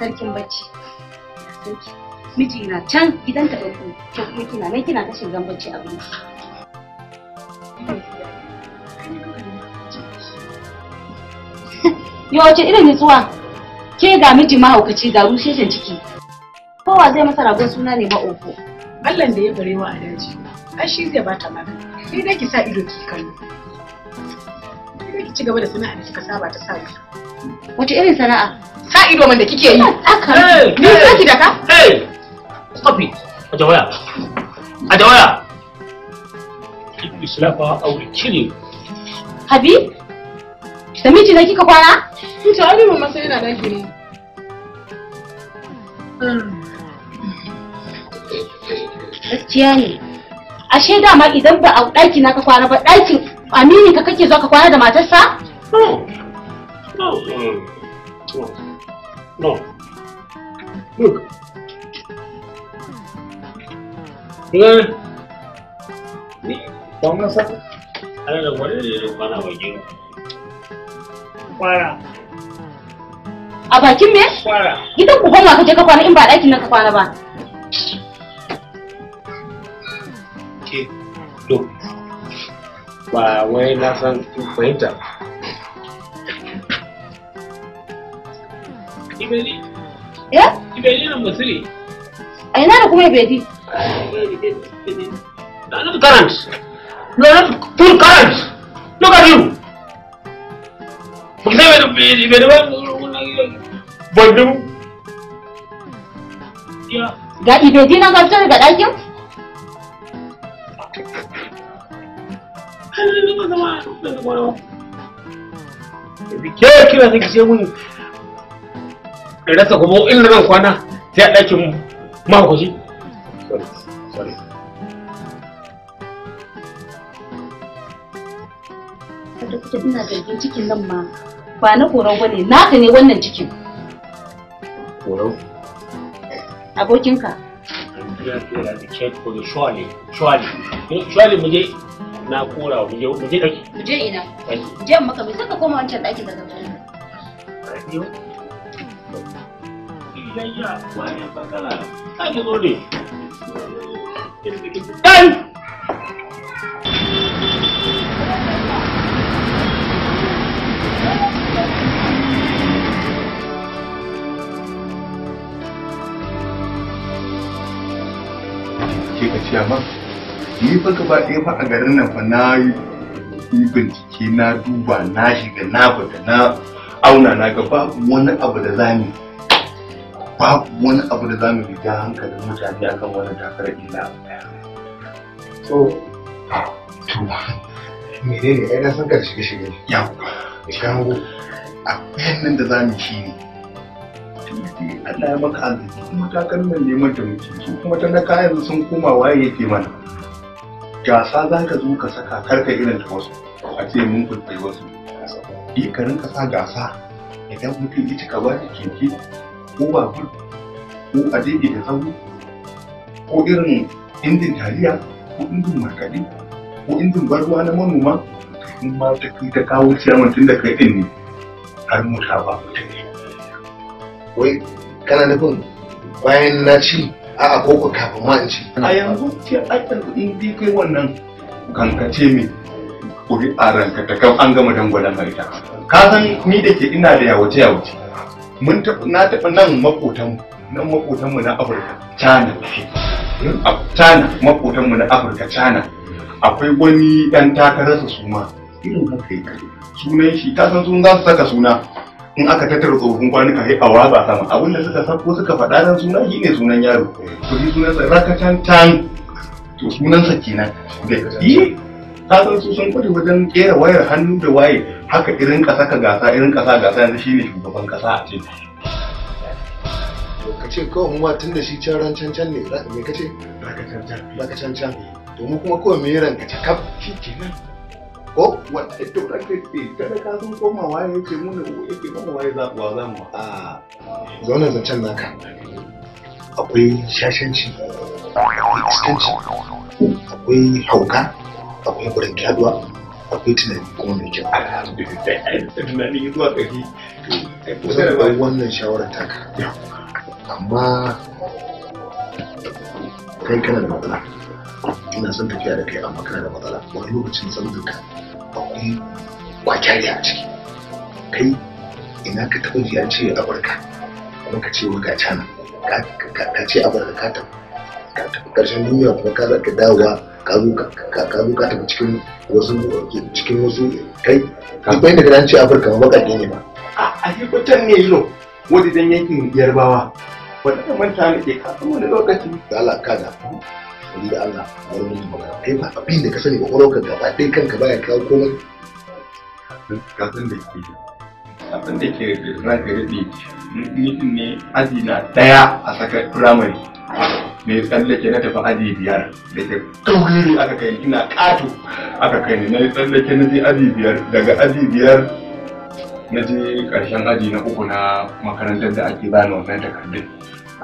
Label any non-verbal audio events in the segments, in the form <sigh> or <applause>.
sarkin bacci miji na can gidan ta ɗauko to kuma kina nan kina kashin gan bacci abinci <laughs> Yo ce irin nutsuwa ke ga miji mahaukaci ga rusheshen ciki kowa zai masa ragon suna ne ma'ofo Allah da ya barewa a daji ai shi zai bata maka ni dai ki sa ido ki kallo sai dai ki ci gaba da sana'a da kika saba ta sa wace irin sana'a ido man da ni Hey, da hey, hey stop it a jawaya a jawaya islafa aure kire habi da miji na kika kwana to abi mama sai yana daki ne gaskiya ashe dama idan ba a ɗaki na ka kwana ba ɗakin amini ka kake zuwa ka kwana da matarsa Hmm. Ni, Kwara. A bakin me? Kwara. Gidan ku homa ka je ka kwana in ba ɗakin ka kwana ba. Ke, to, ba wai na san fahimta. Ibeli. Ibeli na Misiri. A ina da kuma Ibeli? You're not current. You're not full current. Look at you. Bandum. Gadi bai ji na gamsu daga ɗakin? Ke kira zai kishe mun kuma inda zan kwana sai a ɗakin mahaukaci. sorry sorry kwata cikin nan ma ba na koron ne, naka ne wannan cikin korau abokinka mu je na kora mu je mu koma wancan ɗakin da gidan ni fa gaba ɗaya fa a garin nan fa na yi bincike na duba na shiga na fita na auna na ga babu wani abu da zamu babu wani abu da za mu bi ta hankalin mutane a kan wani takarar illa abu so to mene ne ai na san ka Ya shige ya shago a nan da za mu shi ne Allah ya maka arziki kuma nan neman da muke su kuma ta na kayan sun koma waye yake mana gasa za ka zo ka saka karka irin ta wasu a ce mun kulɓai wasu ɗi ka rinka sa gasa idan mutum ya cika ba da keke ko babur ko a daidai da sauri ko irin injin taliya ko injin markaɗe ko injin barwa na manoma in ma ta kai ta kawo ciyaman tun da kai ɗin ne har mota ba ku ta Wai kana nufin bayan na ci a ko kafin ma in ci. A yanzu ce aikin in bi kai wannan kankace mai ƙuri'a ranka ta kan an gama dangwalen harita. Ka san ni da ke ina da yawace yawace. mun na taɓa nan makotan nan makotan na Afirka cana a Cana makotan na Afirka cana. akwai wani ɗan takararsa su ma irin haka yi sunan shi ta san sun za su saka suna in aka tattara tsohon kwanuka sai a watsa sama abin da suka sako suka faɗa nan suna shi ne sunan yaro to shi sa rakatan tan to sunansa kenan yi ka san su sun kudi wajen kera wayar hannu da waye haka irin kasa ka gasa irin kasa gasa yanzu shine shugaban kasa a cikin. ka ce kawai mu tun da shi can ran can can ne me ka ce raka can can raka can can to mu kuma kawai me ka ta kaf shi kenan ko wanda ito da ke ce kada ka sun koma waye yake mu ne yake mana waye za ku za mu a zauna zancen naka akwai shashanci iskanci akwai hauka akwai gurin kyaduwa akwai tunani kuma mai kyau alhamdulillah zuwa ƙarfi to zan ba wannan shawarar taka amma kai kana da matsala ina son tafiya da kai amma kana da matsala wani lokacin zanzanka akwai kwakyariya a ciki kai ina ka taɓa ji an ce abarka kuma ka ce waka cana ka ce abarka ka tafi ƙarshen duniya kuma ka zaka dawowa ka zo ka ka tafi cikin wasu cikin wasu kai ka bai da garanci afirka ba baƙaƙe ne ba a ayyukan ne yino Wani dan yankin yarbawa wanda da manta ne ke kafin wani lokaci da Allah ka da wani da Allah wani ne magana kai ba abin da ka sani ba ƙwarokar gaba ɗaya kanka baya kawo komai ka san da ke abin da ke rage rufe mutum ne aji na daya a saka firamare mai tsallake na tafi aji biyar da ke kauri aka kai ina kato aka kai ne na tsallake na je aji biyar daga aji biyar na je karshen aji na uku na makarantar da ake bani wannan takardun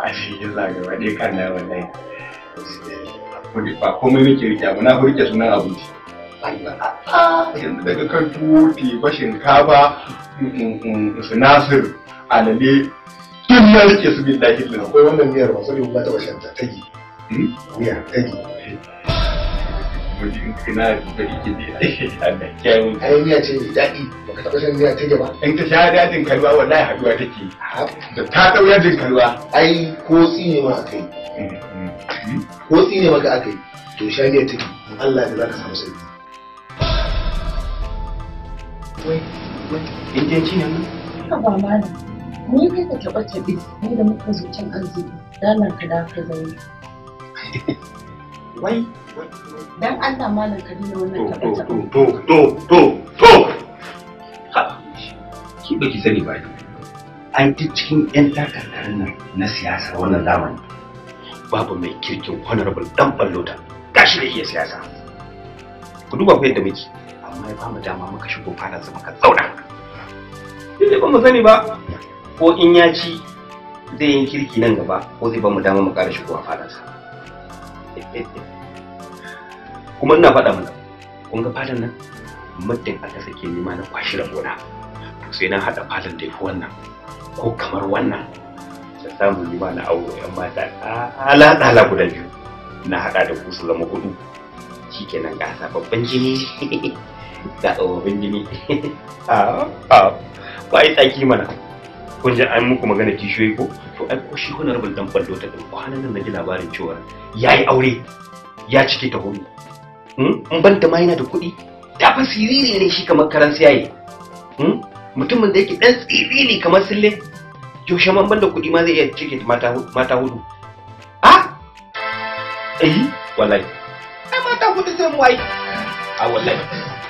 aji ya wa dai kan na wallahi ba komai nake rike abu na rike sunan abinci yanzu daga kan tuwo ba shinkafa mm, mm, sinasir alale duk na rike su bin lahi lina akwai wannan miyar masu ne ba ta bashan ta tagi hmm? miyar tagi ina da rike da Allah kyawun ai miya ce mai daɗi baka taɓa shan miya ta tage ba in ta sha dajin kalwa wallahi haduwa take da ta ɗau yajin kalwa ai ko tsine ma akai hmm, hmm, ko tsine maka akai to sha miya ta tage Allah za ka samu sauki wai wai indiyanci ne wannan ka ba ma ni kai ka taɓa taɓe ni da muka zo cin arziki dala ka da ka zaune <laughs> wai dan Allah malam ka dina wannan taɓa taɓe to to to to ha ki ba ki sani ba an duk cikin 'yan takarkarin nan na siyasa wannan zamani babu mai kirkin honorable dan ballota gashi da iya siyasa ku duba ku yadda muke amma ya fama dama muka shigo faransa muka zauna duk ba mu sani ba ko in ya ci zai yin kirki nan gaba ko zai mu dama mu ƙara a faransa <laughs> kuma ina faɗa mana kun ga falon nan muddin aka sake nema na kwashi rabona to sai na haɗa falon da yafi wannan ko kamar wannan da samu nema na auro yan mata ala-ala guda biyu na haɗa da ku su zama hudu shikenan gasa babban jini <laughs> ga tsofaffin jini ba a yi tsaki mana kun ji an muku magana kishiyoyi ko to ai ko shi honorable dan ballo ta din kwanan nan ji labarin cewa yi aure ya cike ta hudu hmm? in ban ta ma yana da kuɗi ta fa siriri ne shi kamar karan siyaye hmm? mutumin da yake dan tsiriri kamar sille yaushe man ban da kuɗi ma zai iya cike mata mata hudu a ah! eh wallahi ai mata hudu sai mu ai a ah, wallahi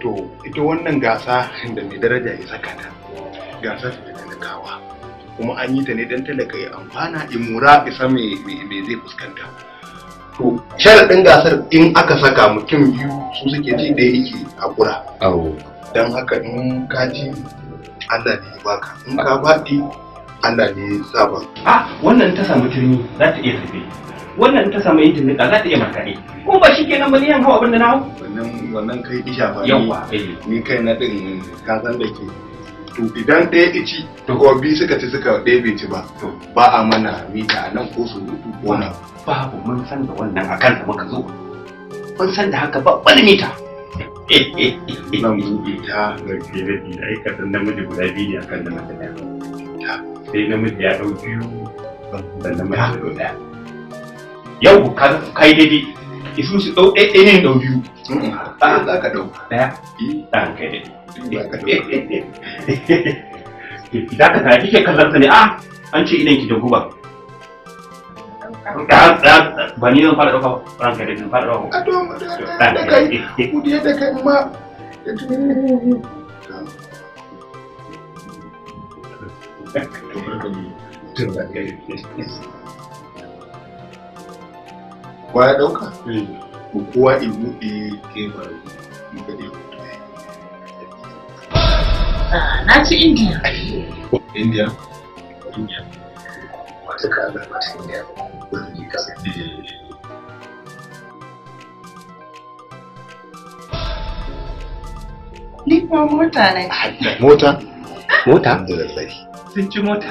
to ita wannan gasa da mai daraja ya saka ta gasa ta talakawa kuma an yi ta ne don talaka ya amfana in mura isa mai zai fuskanta to ɗin gasar in aka saka mutum biyu su suke ji da yake a kura don haka in ka ji Allah ne ya baka in ka faɗi Allah ne ya saba ah wannan ta samu turmi za ta iya tafi wannan ta samu yin jinnika za ta iya markaɗe ko ba shi kenan ba ni yan hau abin da na hau wannan wannan kai isha ba ni eh. ni kai na din ka san da ke to idan ɗaya ici ko bi suka ci suka ɗaya bai ci ba ba a mana mita a nan ko su rutu ko na babu mun san da wannan a kan da muka zo mun san da haka ba wani mita <laughs> zan buɗe ta garfe da biyu aikatan namiji guda biyu ne a kan da mace ɗaya sai namiji ya ɗau biyu sannan mace ɗaya yau ka kai daidai isu su ɗau ɗaya ne dau biyu mm. ɗaya za ka ɗau ɗaya ɗan kai daidai za ka tare kike kallon ta ne a ah, an ce idan ki da guba ba ni zan a Thank you. Eh. kowa ya ɗauka ko kowa in buɗe kemar ah, in ga dai na ci indiya indiya indiya wata kaga mata indiya wani kasance Ni kuma eh. mota ne. Mota? Mota? Sun ci mota.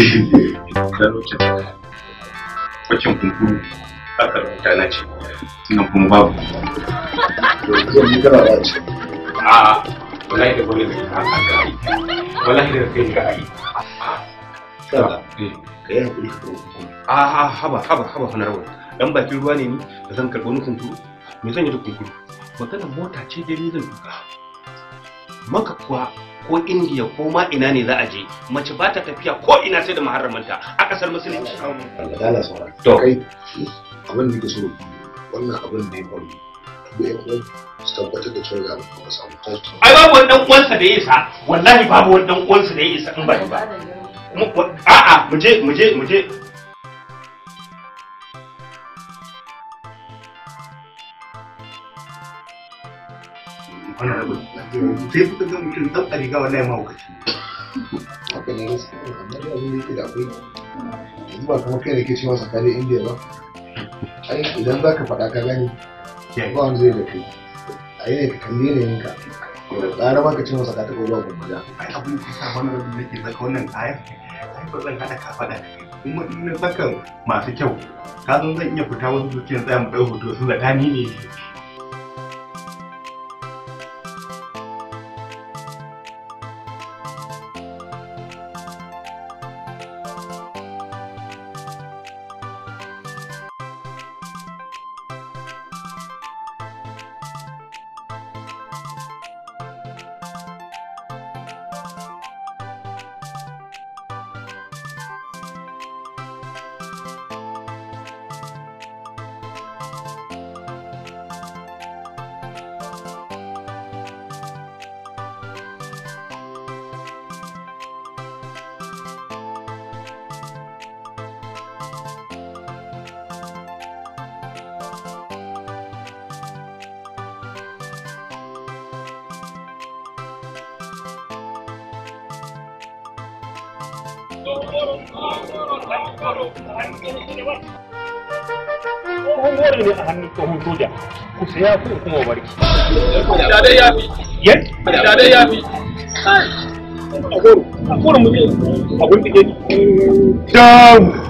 kofin da lokacin bakin kunkuru aka rubuta na ce nan kuma babu zan yi yi a eh. haba haba haba dan bakin ruwa ne ni da zan karɓi kunkuru me zan yi da kunkuru maganar mota ce dai ni zan duka maka kuwa ko indiya ko ma ina ne za a je mace ba ta tafiya ko ina sai da muharramanta a kasar musulunci to kai abin da so wannan abin da ya faru ku yan uwan su tabbatar da cewa ba ka samu kotu ai babu wani dan uwansa da ya isa wallahi babu wani dan uwansa da ya isa in ba ba a'a mu je mu je mu je honorable sai kuka ga mutum dan riga wallahi ma hukaci haka ne gaskiya amma abin da yake da akwai yanzu ba da ke cewa idan za ka faɗa gani ba wani zai da kai a yi ne ka kalli yanayin ka tsara maka ce masa ka taɓa ruwa gumbaja ai abin da sa wannan ba zan ka faɗa in na masu kyau ka zan iya fita wasu dukiyan tsaya ma ɗau hoto su zakani ne tsohon wari ne a hannun tsohon soja ku saya ku kuma barki ya fi yes ya fi a goro a goro a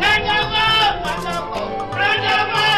Rajaku! Rajaku! Rajaku!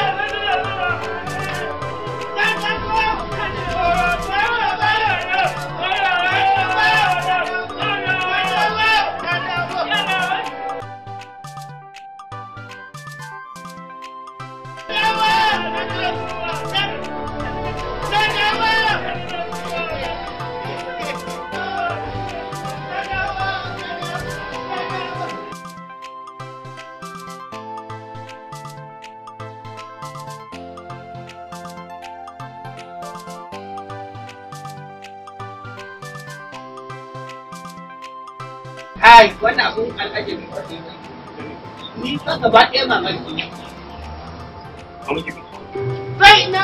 wallahi wannan abun al'ajabi ba ne ni fa gaba ɗaya mamaki ne kai na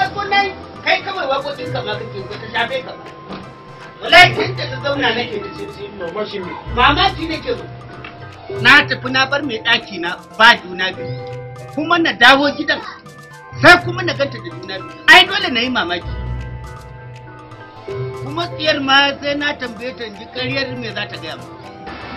kai kawai wakokin kama kake ko ta shafe ka? wallahi tun da ta zauna nake da shi ne mamaki nake mu na tafi na bar mai ɗaki na ba juna biyu kuma na dawo gidan sai kuma na ganta da juna biyu ai dole na yi mamaki kuma tsiyar ma sai na tambaye ta in ji ƙaryar me za ta gaya mu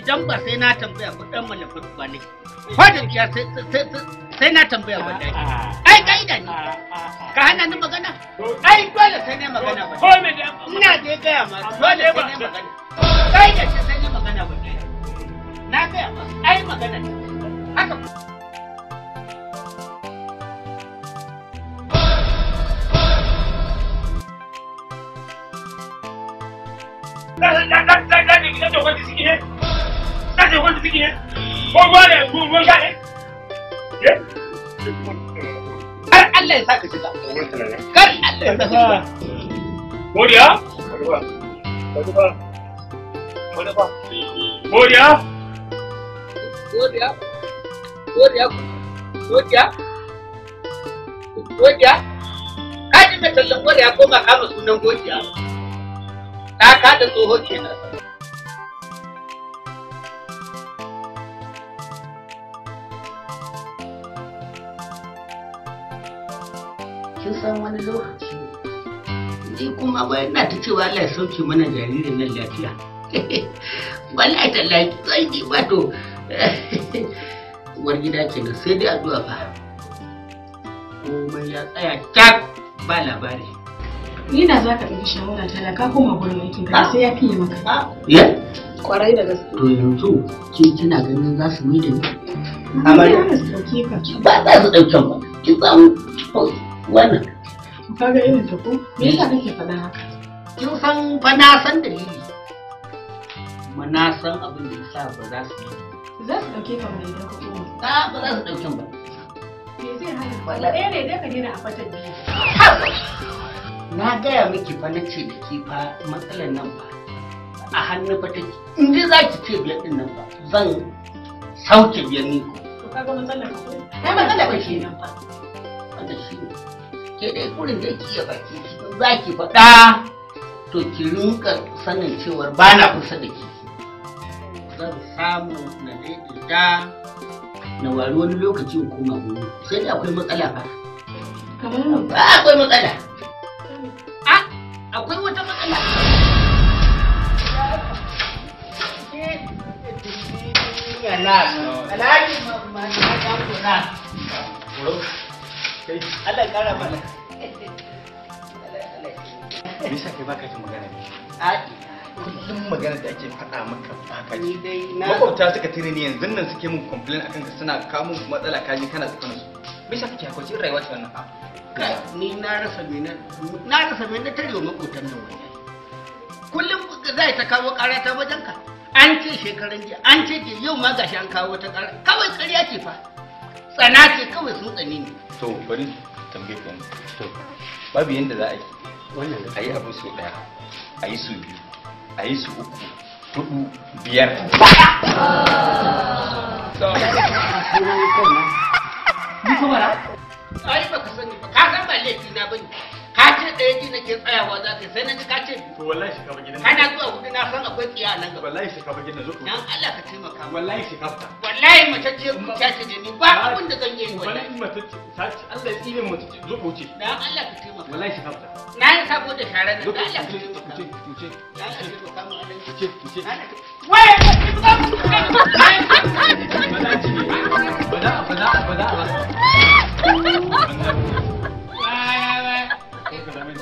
idan ba sai na tambaya ba dan mana ba ne ko kiya sai sai na tambaya ba dai ai kaida ne ka hana ni magana ai dole sai ne magana ba ina dai gaya ma dole sai ne magana kaida ce sai ne magana ba na gaya ai magana haka dan That's the one to begin. Ko ruwa yeah, ko ruwan yeah. Yeah. Allah ya saka shiga. Kar Allah ya saka shiga. Godiya? Godiya. Godiya. Godiya. Godiya. Godiya. Godiya. Kaji mai godiya ko ma sunan godiya. Ta ka da tsoho kenan. sun san wani lokaci ni kuma bai na ta cewa Allah ya sauke mana jaririn nan lafiya <laughs> wallahi tallahi sai ki wato uwar gida kenan sai dai addu'a fa komai ya tsaya tak ba labari ni na zaka ɗauki shawara ta ka koma gurin aikin ka sai ya fiye maka ah. ya kwarai da gaske to yanzu ki kina ganin za su mai da ni amma ba za su ɗaukan ba ki samu wannan ka ga irin ta ko me yasa kake faɗa haka kin san fa na san dalili kuma na san abin da yasa ba za su yi. za su dauke ka mai da kuma ba za su dauke ba me zai hana ba ɗaya ne dai ka gina a fatan na gaya miki fa na ce da ke fa matsalar nan ba a hannun fa take in dai za ki ce biyar ɗin nan ba zan sauke biyar ni ko. Ka ga matsalar ko? Ai matsalar ba kenan nan fa. Wanda shi ne. ke dai kurin da ki baki za ki faɗa to ki rinka sanin cewar ba na kusa da ke zan samu na daidaita na wari wani lokaci koma gudu sai da akwai matsala ba akwai matsala akwai wata matsala Allah ya kara mana me yasa kai baka jin magana ne a kullum magana da ake faɗa maka baka ji makwabta suka tare ni yanzu nan suke min complain akan ka suna kawo mun matsala ka ji kana tsakanin su me yasa kake hakuri rayuwa ta wannan fa ni na rasa me na na rasa me na tare makwabtan nan wallahi kullum zai ta kawo karata wajen ka an ce shekaran jiya an ce jiya, yau ma gashi an kawo ta ƙara, kawai ƙarya ce fa tsana ce kawai sun tsani ne to bari tambaye ku to babu yanda za a yi wannan a yi abu su daya a yi su biyu a yi su uku hudu biyar ni kuma ai baka sani ba ka san ba laifi na bane ka ce ɗaya ji nake tsayawa za ka sai na ka ce to wallahi shi kaba gidan kana zuwa hudu na san akwai tsiya nan gaba wallahi shi kaba gidan zo to dan Allah ka taimaka wallahi shi kaba wallahi mace ce ku ta ce ni ba abin da zan yi wallahi mace ce ta ce Allah ya tsire mace ce zo ku ce dan Allah ka taimaka wallahi shi kaba na yi sabo da sharar nan dan Allah ka taimaka ku ce ku ce dan Allah ka taimaka mu ku ce ku ce waye ba za a ba za a ba ba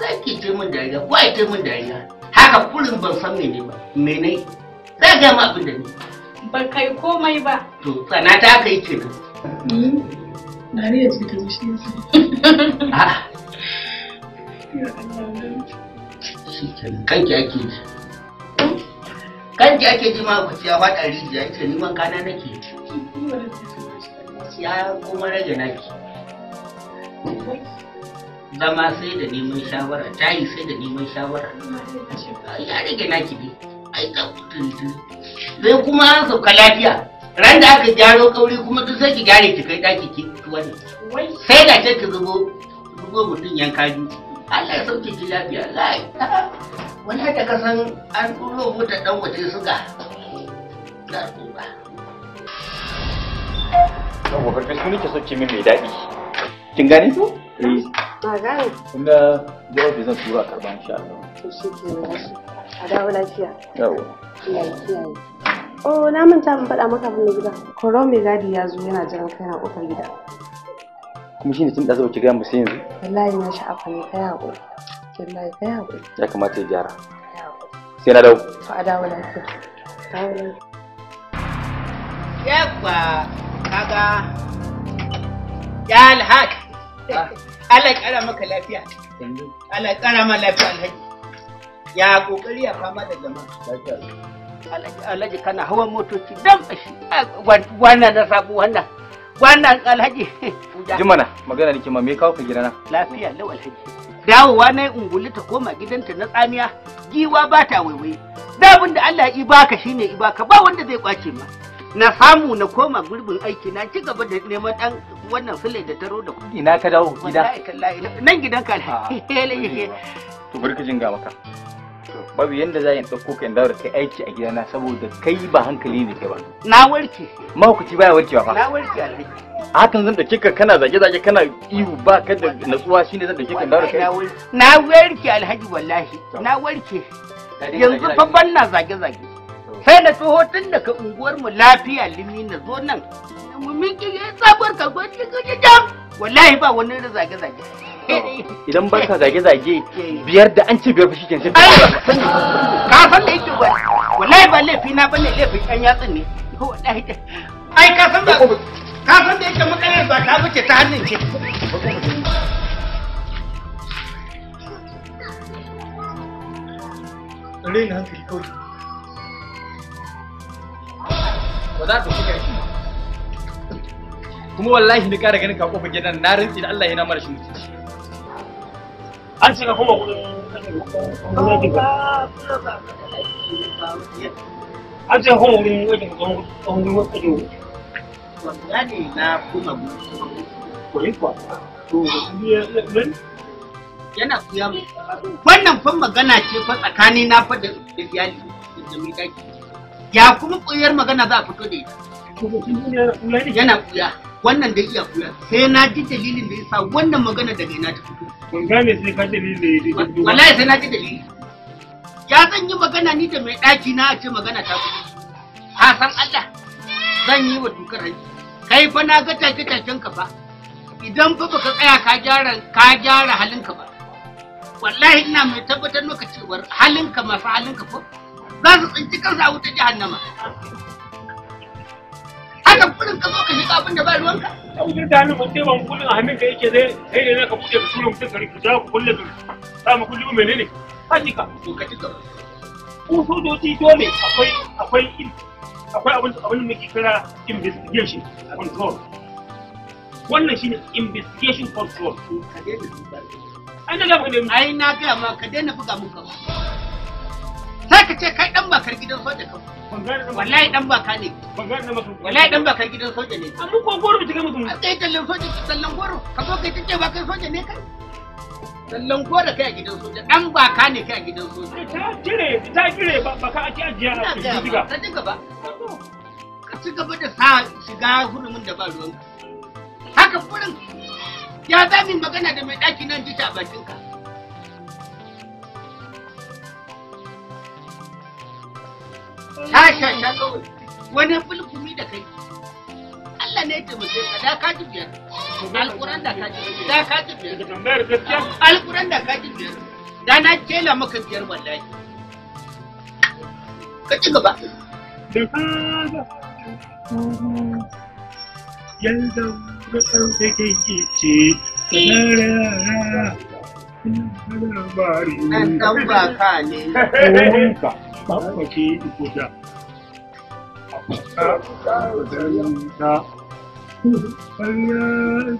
sai ki ce min dariya ko ai ce min dariya haka kullum ban san mene ba mene za ga ma abin da ni ba kai komai ba to tsana ta kai kenan dariya hmm? ce ta shi <laughs> a'a shi kenan kanki ake ji kanki ake ji ma kwaci ya faɗa rijiya ce ni man kana nake ya kuma rage naki zama sai da neman shawara ta yi sai da neman shawara ya rage na kibi ai ka tuntun zai kuma an sauka lafiya ran da aka gyaro kauri kuma duk sai ki gyare ki kai daki ki wani sai da ce ki zubo zubo mutum yanka ju Allah ya sauke ki lafiya lai wani da ka san an turo mota dan waje suga da tuba yawwa barkashi nake so ki min mai daɗi kin gane to? Eh. Oh, na manta ban faɗa maka abin gida. Koro mai gadi ya zo yana jiran kai na gida. Kuma ne tun da yanzu. Wallahi na ne kai haƙuri. Wallahi kai haƙuri. Ya kamata ya gyara. Sai na dau. a dawo lafiya. kaga. Ya alhaq. Allah ya kara maka lafiya. Allah ya kara maka lafiya alhaji. Ya kokari ya fama da jama'a. Alhaji kana hawan motoci dan kashi wannan na sabu wannan. Wannan alhaji. <laughs> Jimana magana nake ma me kawo ka gidana? Lafiya lau alhaji. Dawowa na unguli ta koma gidanta na tsamiya giwa ba ta waiwaye. Dabin da Allah ya baka shine ibaka ba wanda zai kwace ma. na samu na koma gurbin aiki na ci gaba da neman dan wannan fule da taro da kudi na ka dawo gida nan gidan ka ah, <laughs> to barkacin ga maka babu yanda za in dauko ka in dawo da kai aiki a gidana saboda kai ba hankali ne kai ba na warke mahaukaci baya warkewa fa na warke alhaji a hakan zan dauke ka kana zage zage kana ihu ba ka da natsuwa shine zan dauke ka dawo kai na warke alhaji wallahi na warke yanzu fa ban na zage zage sai na tsoho tun daga unguwar mu lafiya limi na zo nan mu miki eh, sabuwar ka gwaji jam wallahi ba wani da zage-zage idan ba ka zage-zage biyar da an ce biyar fushi ke sai ka san da yake ba wallahi ba laifi na bane laifin ɗan yatsun ne wallahi ai ka san da ka san da yake makarar ba ta buke ta hannun ce Rena hankali kawai ba za ta ci karfi kuma wallahi na kara ganin ka kofar gidan na rintsi da Allah yana mara shi mutunci an ce ka kuma an ce kuma wurin wajen wurin wajen wajen na kuma koyi yana kuya wannan fa magana ce fa tsakani na fa da iyali da mai daki ya kuma koyar magana za a fito da ita yana kuya wannan da iya kuya sai na ji dalilin da ya sa wannan magana daga ina ta fito ban gane sai ka dalilin da ya wallahi sai na ji dalili ya zan yi magana ni da mai ɗaki na a ce magana ta fito Ha san Allah zan yi wa tukar hanyar. kai fa na ga take taken ka fa idan fa baka tsaya ka gyara ka gyara halinka ba wallahi ina mai tabbatar maka cewar halinka masu halinka fa za su tsinci kansa a wutar jahannama haka kudin ka zo ka shiga abin da ba ruwanka an girda ni ban ban kudin hamin da yake zai sai ne ka buɗe tura mutum ka rufe ku kulle su sa mu kulle menene hajika to ka ci gaba ku sojoji dole akwai akwai akwai abin abin da muke kira investigation control wannan shine investigation control ai na ga ma ka daina buga mun kawai sai ka ce kai dan bakar gidan soja ka wallahi dan baka ne wallahi dan bakar gidan soja ne amma ko goro bi ta gama zumu kai tallan soja tallan goro ka zo kai tace ba kai soja ne kai tallan goro kai a gidan soja dan baka ne kai a gidan soja ta kire ta kire ba baka ake ajiya na diga ta diga ba ka ci gaba da sa shiga hurumin da ba ruwan haka furin ya zamin magana da mai daki nan ji ta bakin ka sha sha sha kawai wani fulfumi da kai Allah ne ya taimake ka da ka ji biyar alƙuran da ka ji da ka ji biyar alƙuran da ka ji biyar da na kela maka biyar wallahi ka ci gaba Da yanzu rukar da ke ce tsarara eh. ina labari ɗan ɗan ka ne mace ikoja ta Kanya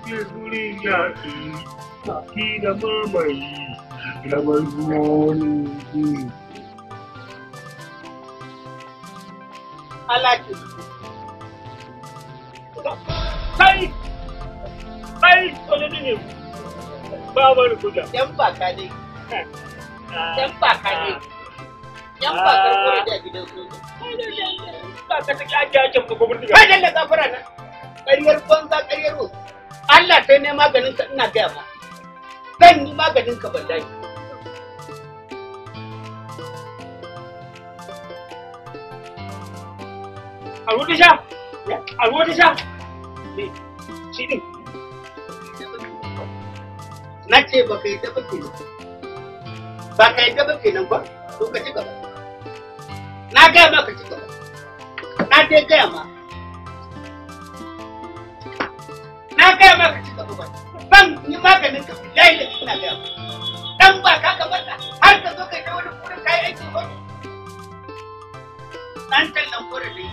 ke zuri yaƙi, ki da mamaye, rabar zuwoni ki. Allah ke Kai! Kai! Solidi ne! Babar kuda. Yan baka ne. Eh. Yan baka ne. yan ba karkore da ah. gidan soja ka ka na ƙaryar banza ƙaryar wasu Allah sai ne maganin ka ina gaya ma zan yi maganin ka wallahi a ruwa sha a sha shi na ce ba ka yi taɓa kenan ba ka yi taɓa kenan ba to ka ci gaba na gaya maka ci gaba na dai gaya ma na gaya maka ci gaba ba ban yi maganin ka yi da ina gaya ma dan ba ka kamar ka har ka zo ka kai wani kurin kai aiki ba dan tallan kore ne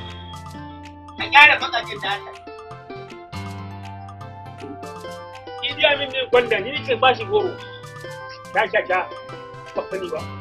ka gyara bakacin da haka Idi Amin ne gwanda ni ce ba shi goro. Ta sha ta, ba ba.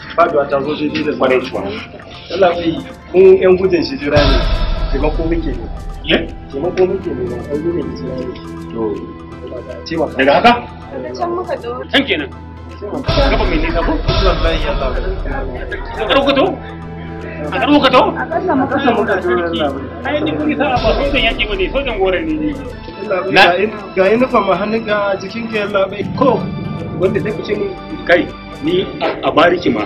faduwa ta zo da cuwa kun gudun shi jira ne taimako muke ne eh? taimako muke ne gudun shi jira ne to daga haka can muka can kenan gaba mai nisa ko ka to a to a kasa muka kasa to ni ba sojan sojan gore ne na ga ina fa ma hannun ga jikin ke yalla bai ko wanda take cin kai ni a bariki ma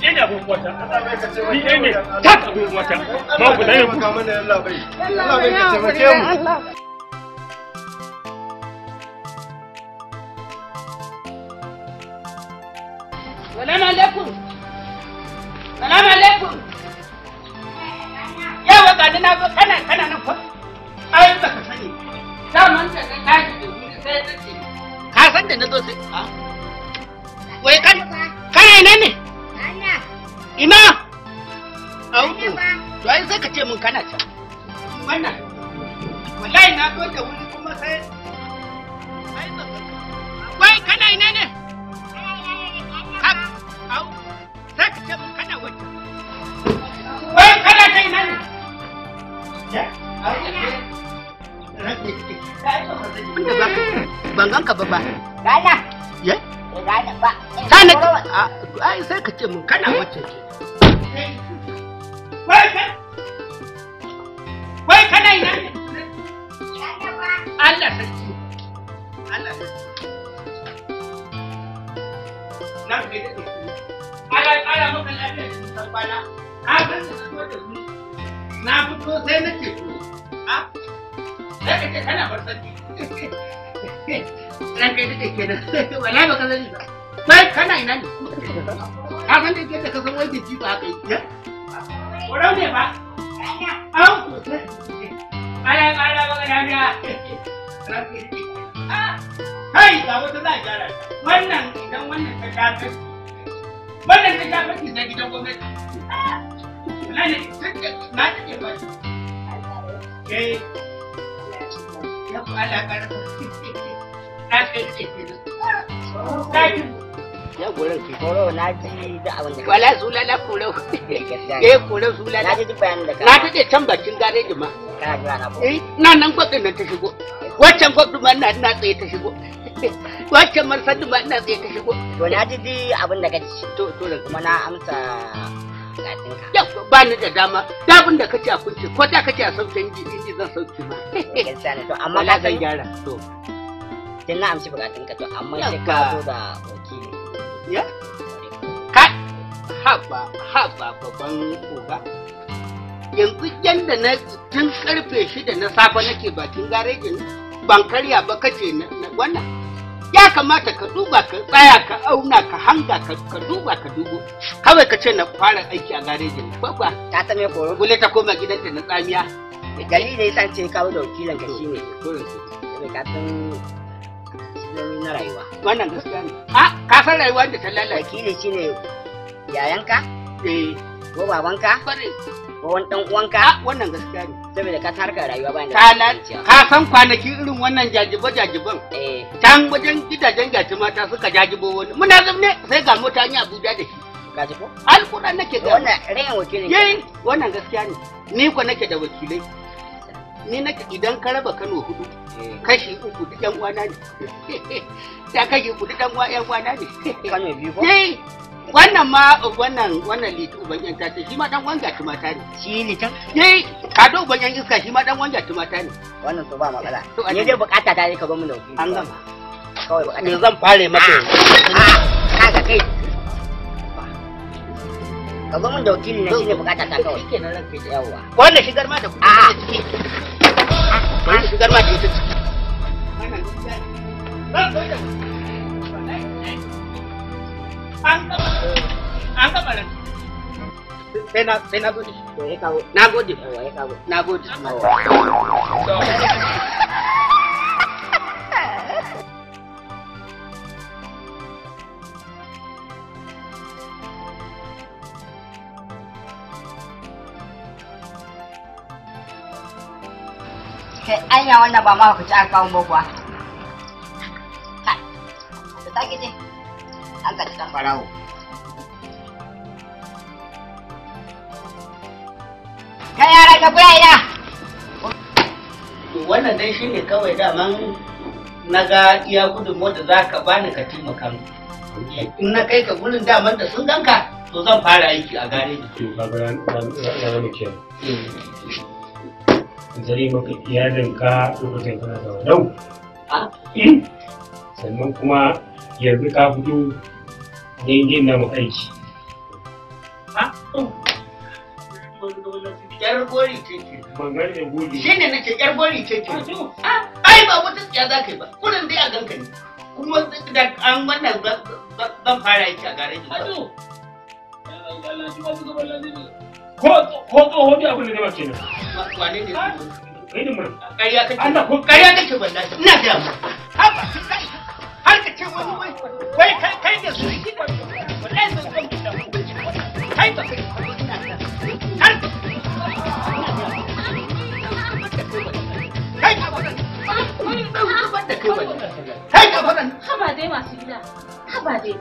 ni y'a ne wata ni ɗaya tak abin wata ba ku da ku. Allah bai ka taimake mu. na ta ke ba ala na ta ke koro na ji da abin da wala zula na koro eh koro zula na ji duk da na ta can bakin gareji ma na na ko eh nan nan gwabin nan ta shigo waccan gwabin ma na na tsaye ta shigo waccan marsadu ma ina tsaye ta shigo to na ji abin da ci to to kuma na amsa Yau ba ni da dama. Dabin da kace a kunce ko da kace a sauke inji inji zan sauke ma. <laughs> to amma ka gyara. To. Dan na amshi ka to amma sai ka zo da wakili. Ya? Ka haba haba babban uba. Yanzu yanda na tun karfe shida na safe nake bakin garejin ban karya ba kace wannan. ya kamata ka duba ka tsaya ka auna ka hanga ka duba ka dubo kawai ka ce na fara aiki a garejin babba ta tsame koro gule ta koma gidanta na tsamiya eh, dalilin da yasa ce kawo da wakilan ka shine bukatun na rayuwa wannan gaskiya ne a ka san rayuwa da ta lalace wakili shine yayanka eh ko babanka ko wani dan uwanka wannan gaskiya ne saboda ka tarka rayuwa ba ni ka san kwanaki irin wannan jajibo jajiban eh. can wajen gidajen gaji mata suka jajibo wani muna zamne sai ga mota an abuja da shi nake da wannan rayan wakilin yayi wannan gaskiya ne ni ko nake da wakilai ni nake idan ka raba Kano hudu eh. kashi uku duk yan uwana ne <laughs> kashi uku duk yan uwana ne Kano biyu wannan ma wannan wannan litu uban yan tace shi ma dan wanga tumata ne shi ne can eh kado uban yan iska shi ma dan wanga tumata ne wannan to ba matsala ne dai bukata ta ne ka ba mu nauki an gama kawai bukata ne zan fare maka ah, ah, kaga kai ka zo mun da ne shi ne bukata ta kawai shikenan ranka ta yawa wannan shigar ma da kuma a ah, wannan shigar ma da ita ciki wannan an gama an gama ran sai na sai na gode na gode ko ya kawo na gode kai anya wannan ba ma ku ci an ka ta gidi haka da Ka yara ka kula ina. Wannan dai shi ne kawai daman na ga iya gudunmu da za ka bani ka taimaka mu. In na kai ka gurin daman da sun to zan fara aiki a gare ni. Hmm. Zari maka iyalinka lokacin kana da wadau. Ah. Hmm. Sannan kuma yanzu ka fito dangin na mu kai Yar bori ce ce. Bangar da bori. Shi ne nake yar bori ce ce. Ai ba wata tsiya za ka yi ba. Kunan dai a ganka ne. Kuma da an wannan ban fara yake a gare ki. Ajo. Ko tsoho ne abin da ne ba kenan. Wane ne? Kai da mura. Ƙarya kake. Allah ko ƙarya kake wallahi. Ina ga mu. Haba. ce wani wai wai kai kai da su shi da kai kai da kai kai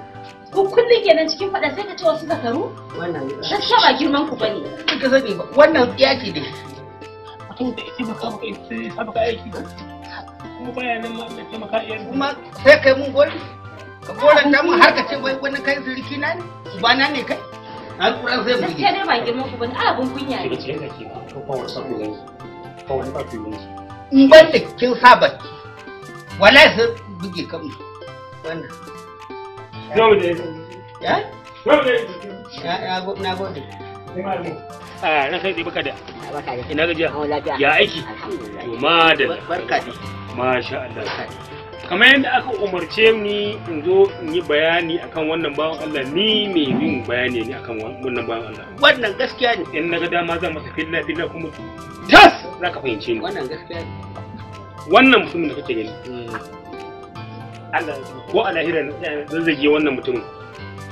ku kullum kenan cikin fada sai ka ce wasu zakaru wannan gaskiya ba girman ku bane kika sani ba wannan tsiya ce mutum da ita ba ka ba ka aiki ba kuma bayanin ma taimaka kuma sai kai mun gori ka goran ta mun har ka ce wai wani kai zirki na ne ubana ne kai alƙur'an gaskiya dai ba girman ku bane kunya ne ce yadda ke ba ko ba wani sabu yanzu ko wani ba ku in ban da kin wallahi sai kan mu wannan yau da ya yau da ya na gode a ah, ran kai baka da ina gajiya ya aiki ma da barka masha Allah kamar yadda aka umarce ni in zo in yi bayani akan wannan bawan Allah ni mai yin bayani ne akan wannan bawan Allah wannan gaskiya ne in na ga dama zan masa filla filla kuma tas za ka fahimce ni wannan gaskiya ne wannan mutumin da kake gani hmm. Allah ko a lahira zazzage wannan mutumin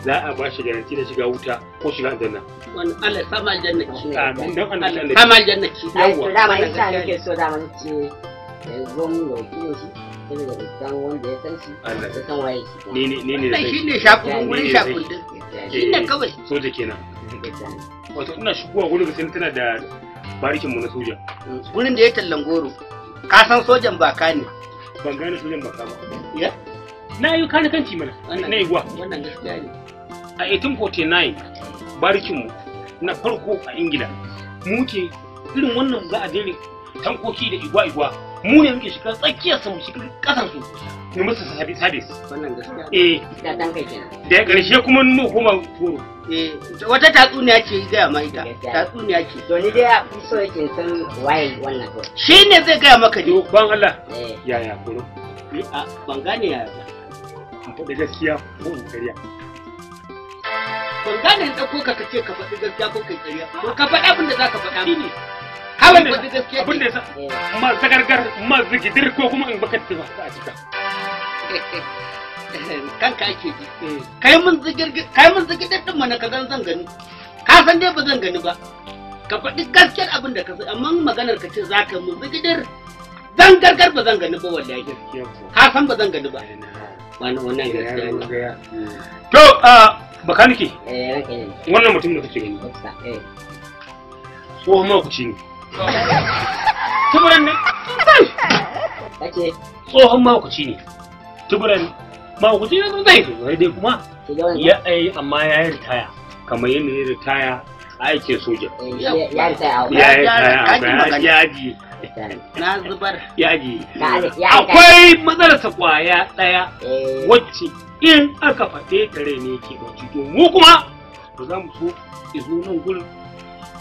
za a ba shi garanti da shiga wuta ko shiga aljanna. Wani Allah sama aljanna ki. Amin dan Allah. Sama aljanna ki. Yawa. Dama ita nake so dama ce. ya zo mun da shi sai daga ya san shi ya san waye shi ne ne ne ne wannan shine shakun kawai wato ina shigowa gurin sai tana da barikin mu na soja gurin da ya tallan goro ka sojan baka ne ban gane sojan baka ba ya na yi kani kanci mana na iguwa wannan gaskiya ne a 1849 barikin mu na farko a ingila muke irin wannan za a jere tankoki da igwa-igwa Mun ne muke shiga tsakiyar su mu shiga kasan su mu musu sabis wannan gaskiya eh da dan kai kenan da karshe kuma mu kuma turo eh wata tatsuniya ce ga ma ita tatsuniya ce to ni dai so yake san waye wannan to shine zai ga maka ne ban Allah eh. ya ya kuro ni a ban gane ya ba da gaskiya ko in kariya ban gane da ko ka kace ka faɗi gaskiya ko kai kariya ko ka faɗa abin da zaka faɗa shine Kawai da abin da yasa ma sagargar ma zigidir ko kuma in baka ba a jika <laughs> kanka ake ji kai mun zigirgir kai mun zigidir din mana ka gan zan gani ka san dai ba zan gani ba ka faɗi gaskiyar abin da ka san amma maganar ka ce za ka mun zigidir zan gargar ba zan gani ba wallahi ka san ba zan gani ba wani wannan gaskiya ne to a bakaniki eh, wannan mutum da kake gani eh. ku ci ne tuburan ne tsohon mahaukaci ne tuburan mahaukaci ne zai zai dai kuma ya ai amma ya yi ritaya kamar yadda ya ritaya a aikin soja eh, ya yi ritaya a ji na zubar ya ji akwai matsalarsa kwaya daya eh. wacce in aka faɗe tare ne ke bacci to mu kuma ba za mu so izo nan gurin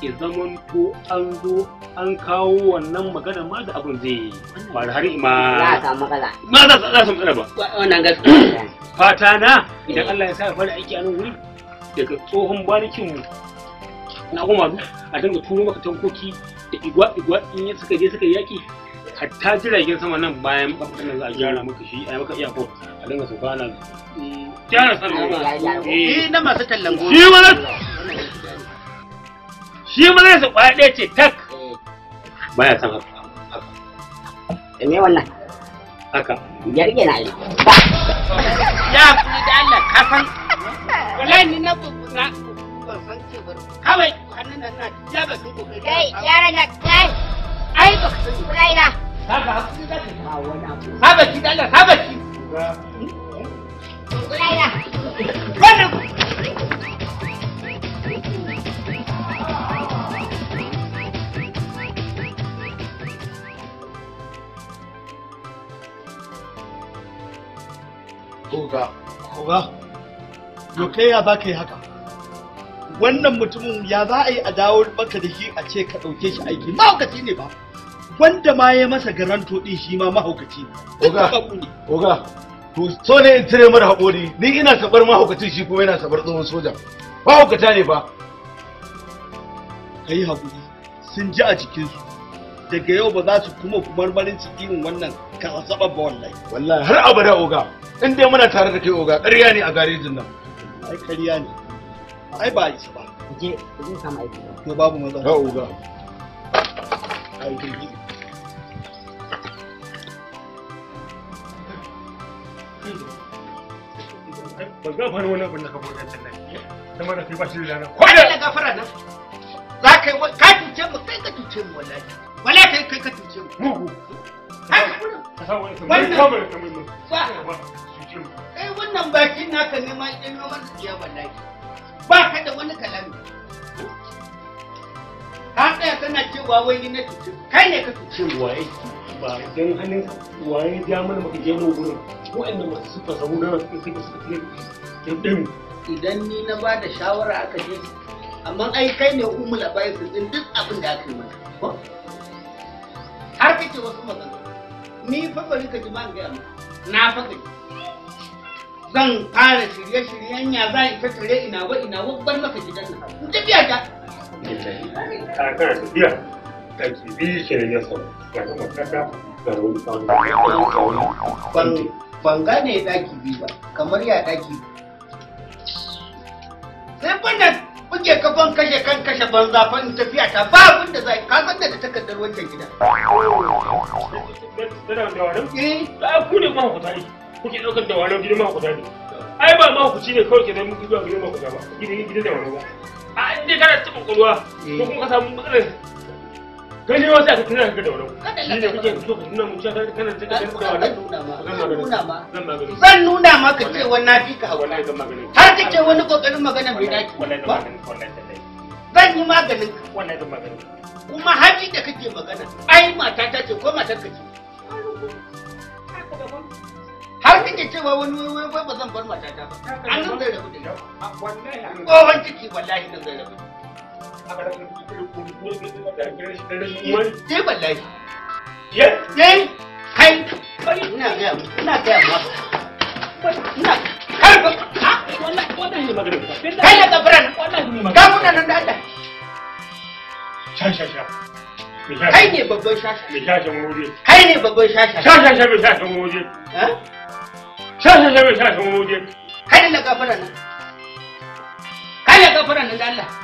ke zaman ko an zo an kawo wannan magana ma da abin zai faru har ima za ma za a samu matsala ba wannan gaskiya fata na idan eh. Allah ya sa ya fara aiki a nan wuri daga tsohon barikin mu na kuma a dinga turo maka tankoki da igwa igwa in suka je suka yaki hatta jiragen sama nan bayan nan za a gyara maka shi a maka iyakon a dinga su kwana mm. gyara sama eh. eh na masu tallan gona shi muna su kwaya ɗaya ce tak baya san haka haka eh, me wannan haka ya na ya kuma da Allah ka san wallahi ni na na kawai hannun nan na ya ba su kai yara na kai ai ba ka san na da ba wani abu da Allah na wannan Oga. Oga, yau kai ya baka yi haka? Wannan mutumin ya za a yi a dawo baka da shi a ce ka ɗauke shi aiki mahaukaci ne ba. Wanda ma ya masa garanto ɗin shi ma mahaukaci ne. Oga, oga, to so ne in cire mara haƙori ni ina sabar mahaukacin shi kuma yana sabar tsohon soja. Mahaukata ne ba. Ka yi haƙuri, sun ji a jikinsu. daga yau ba za su kuma marmarin su irin wannan kasaba ba wallahi wallahi har abada oga in dai muna tare da kai oga ƙarya ne a garejin nan ai ƙarya ne ai ba isa ba je zan samu aiki to babu matsala oga ai ba gafara wani abin da ka bude can nan da kai ba shi da za ka yi ka mu kai ka cuce mu wallahi wala kai kai ka tuce mu kai wannan bakin naka neman ɗin noman da ciya wallahi ba ka da wani kalami ka tsaya kana cewa wai ni na ka ba mu na ɗin idan ni na ba da shawara aka je amma ai kai ne umul abaisu din duk abin da aka yi mana ake wasu magana ni fa bari ka ji ban gaya na fa ka zan fara shirye-shiryen ya za in tare ina wa ina wa bar maka gidan nan in tafiya ta a kana tafiya ka kibi shirye sau ga kuma kasa ga wani bangu ban gane ya daki biyu ba kamar ya daki biyu sai ban da kuke kafan kashe kan kashe banza fa in tafiya ta ba abin da zai ka san da takardar wancan gida tana da warin eh ta ku ne ma ku tani kuke daukar da wani gidan ma ku tani ai ba ma ku ci ne kawai ke da muku zuwa gidan ma ku ba gidan gidan da wani ba a inda kana cikin kulwa ko eh. kuma ka samu matsalar gani wasu a tattalin ka ne kuke so ku nuna cewa kana da zan nuna ma ka ce wani fi ka hawa har kake wani kokarin magana bai dace ba zan yi maganin ka kuma haji da kake magana ai mata ta ce ko matar ka ce har kake cewa wani wai ba zan bar matata ba an nan zai rabu da ni tsohon ciki wallahi nan rabu Je wallahi. Ye? Ye? Kai. Ina ga ina ga ma. Ina kai ba. Ah, wallahi wallahi magana. Kai da gabran wallahi ni magana. Ka muna nan da Allah. Sha sha sha. Kai ne babban shasha. Me shasha moje. Kai ne babban shasha. Sha sha sha me shasha moje. Eh? Sha sha sha me shasha moje. Kai da gabran nan. Kai da gabran nan da Allah.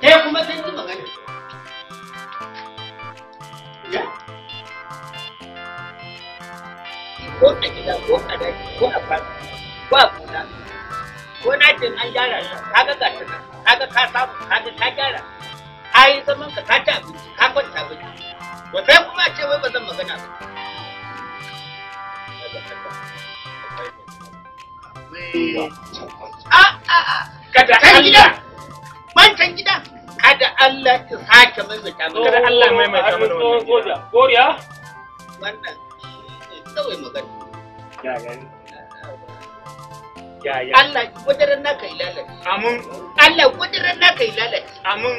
Ke eh, kuma kin ji magana. Ko a gida ko a daji ko a fata ko a kuna. Ko na ce an gyara shi kaga ga ta kaga ka samu kaga ka gyara. Ka yi zaman ka ka ci ka kwanta abinci. Ba sai kuma ce wai ba zan magana ba. wancan gida kada Allah ya sake mai maimaita mana kada Allah mai mai mana wannan goriya goriya wannan kawai magana ya gani ya ya Allah kudirin naka ilalaci amin Allah kudirin naka ilalaci amin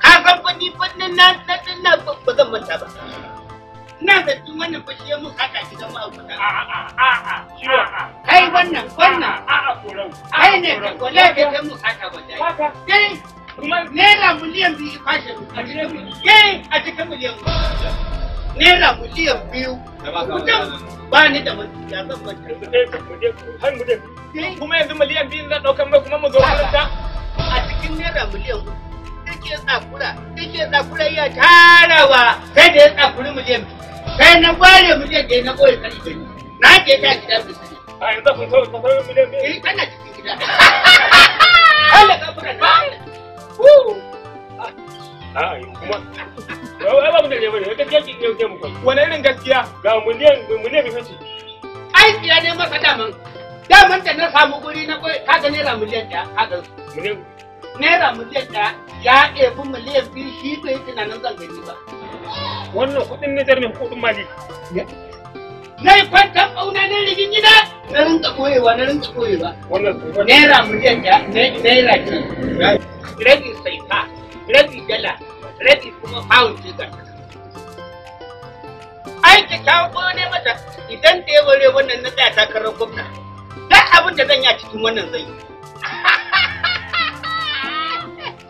ka san kudi fannin na na ba zan manta ba ina zargin wannan ba shi ya mun haka gidan ma'aikata a a a a kai wannan wannan a a kai ne ka kula da kai mun ba dai naira miliyan biyu kwashe a cikin a cikin miliyan naira miliyan biyu mutum ba ni da ya zan har kuma yanzu miliyan biyu zan daukan mai kuma mu zo makaranta a cikin naira miliyan biyu, take tsakura take tsakura ya tarawa sai da ya tsakuri miliyan biyu sai eh, na bare miliyan ɗaya na boye kari gani na je ta gida mai sani a ah, yanzu kun sauya ka sauya miliyan ɗaya kana eh, cikin gida Allah ka fura na a yi kuma ba ba mu da ne bane gaskiya ki ke mu kai irin gaskiya ga miliyan miliyan bi ai ne masa daman daman na samu guri na kai ka ga naira miliyan ɗaya ka ga miliyan naira miliyan ɗaya ya ɗebi miliyan biyu shi bai tunanin zan gani ba. Wannan kuɗin Nijar ne kuɗin Mali. Na yi kwantar ɓauna na rigin gida na rinka koyewa na rinka koyewa. Naira miliyan ɗaya naira ce. Rabi saifa, rabi dala, rabi kuma pound ce ga. Ai ki kawo ko ne mata idan da ya ware wannan na tsaya takarar gwamna. Dan abin da zan yi a cikin wannan zai <laughs>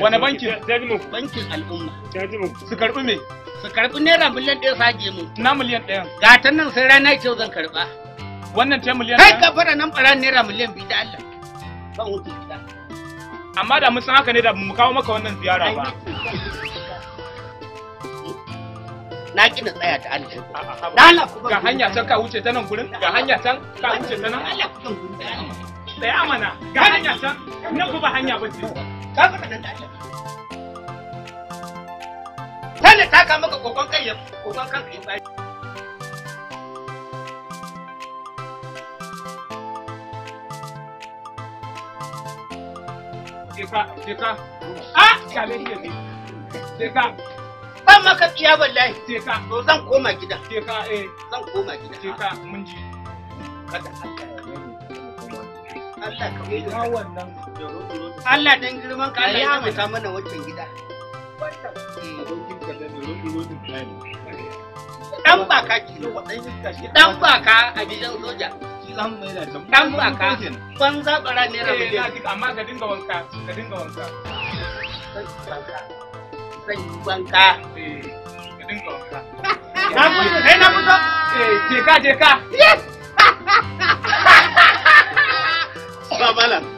wani bankin bankin al'umma su karbi me su karbi naira miliyan ɗaya sage mu na miliyan ɗaya ta nan sai rana ce zan karba wannan ce miliyan kai ka fara nan ɓara naira miliyan biyu da Allah ban wuce gida amma da mun san haka ne da mu kawo maka wannan ziyara ba na kina tsaya ta Allah da Allah ga hanya can ka wuce ta nan gurin ga hanya can ka wuce ta nan Allah ku kan gurin tsaya mana ga hanya can nan ku ba hanya ba ce Ka faɗa nan da Allah. Tana ta ka maka kokon kai ya kokon kanka ya bai. Jeka, jeka. Ah, kale ni ne. Jeka. Ban maka tsiya wallahi. Jeka. To zan koma gida. Jeka eh. Zan koma gida. Jeka mun ji. Kada Allah ya yi. Allah ka yi. Ka wannan. Allah dan girman ka ya mata mana wancan gida. Dan baka kilo dan baka a gidan soja. Dan baka ban zabara ne rabu ne. Amma ka dinga wanka, ka dinga wanka. Zan yi eh, eh, Na fito, eh, Jeka jeka. Yes! <laughs>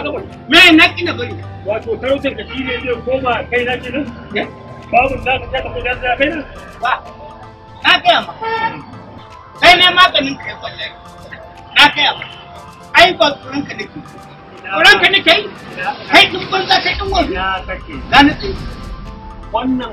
ka me na kina bari wato zai koma kai na babu ka da kai na ba na kai ma kai ne maganin kai wallahi na kai ma ai ba tsoron ka nake tsoron ka kai tun banza kai din wani na kake na nake wannan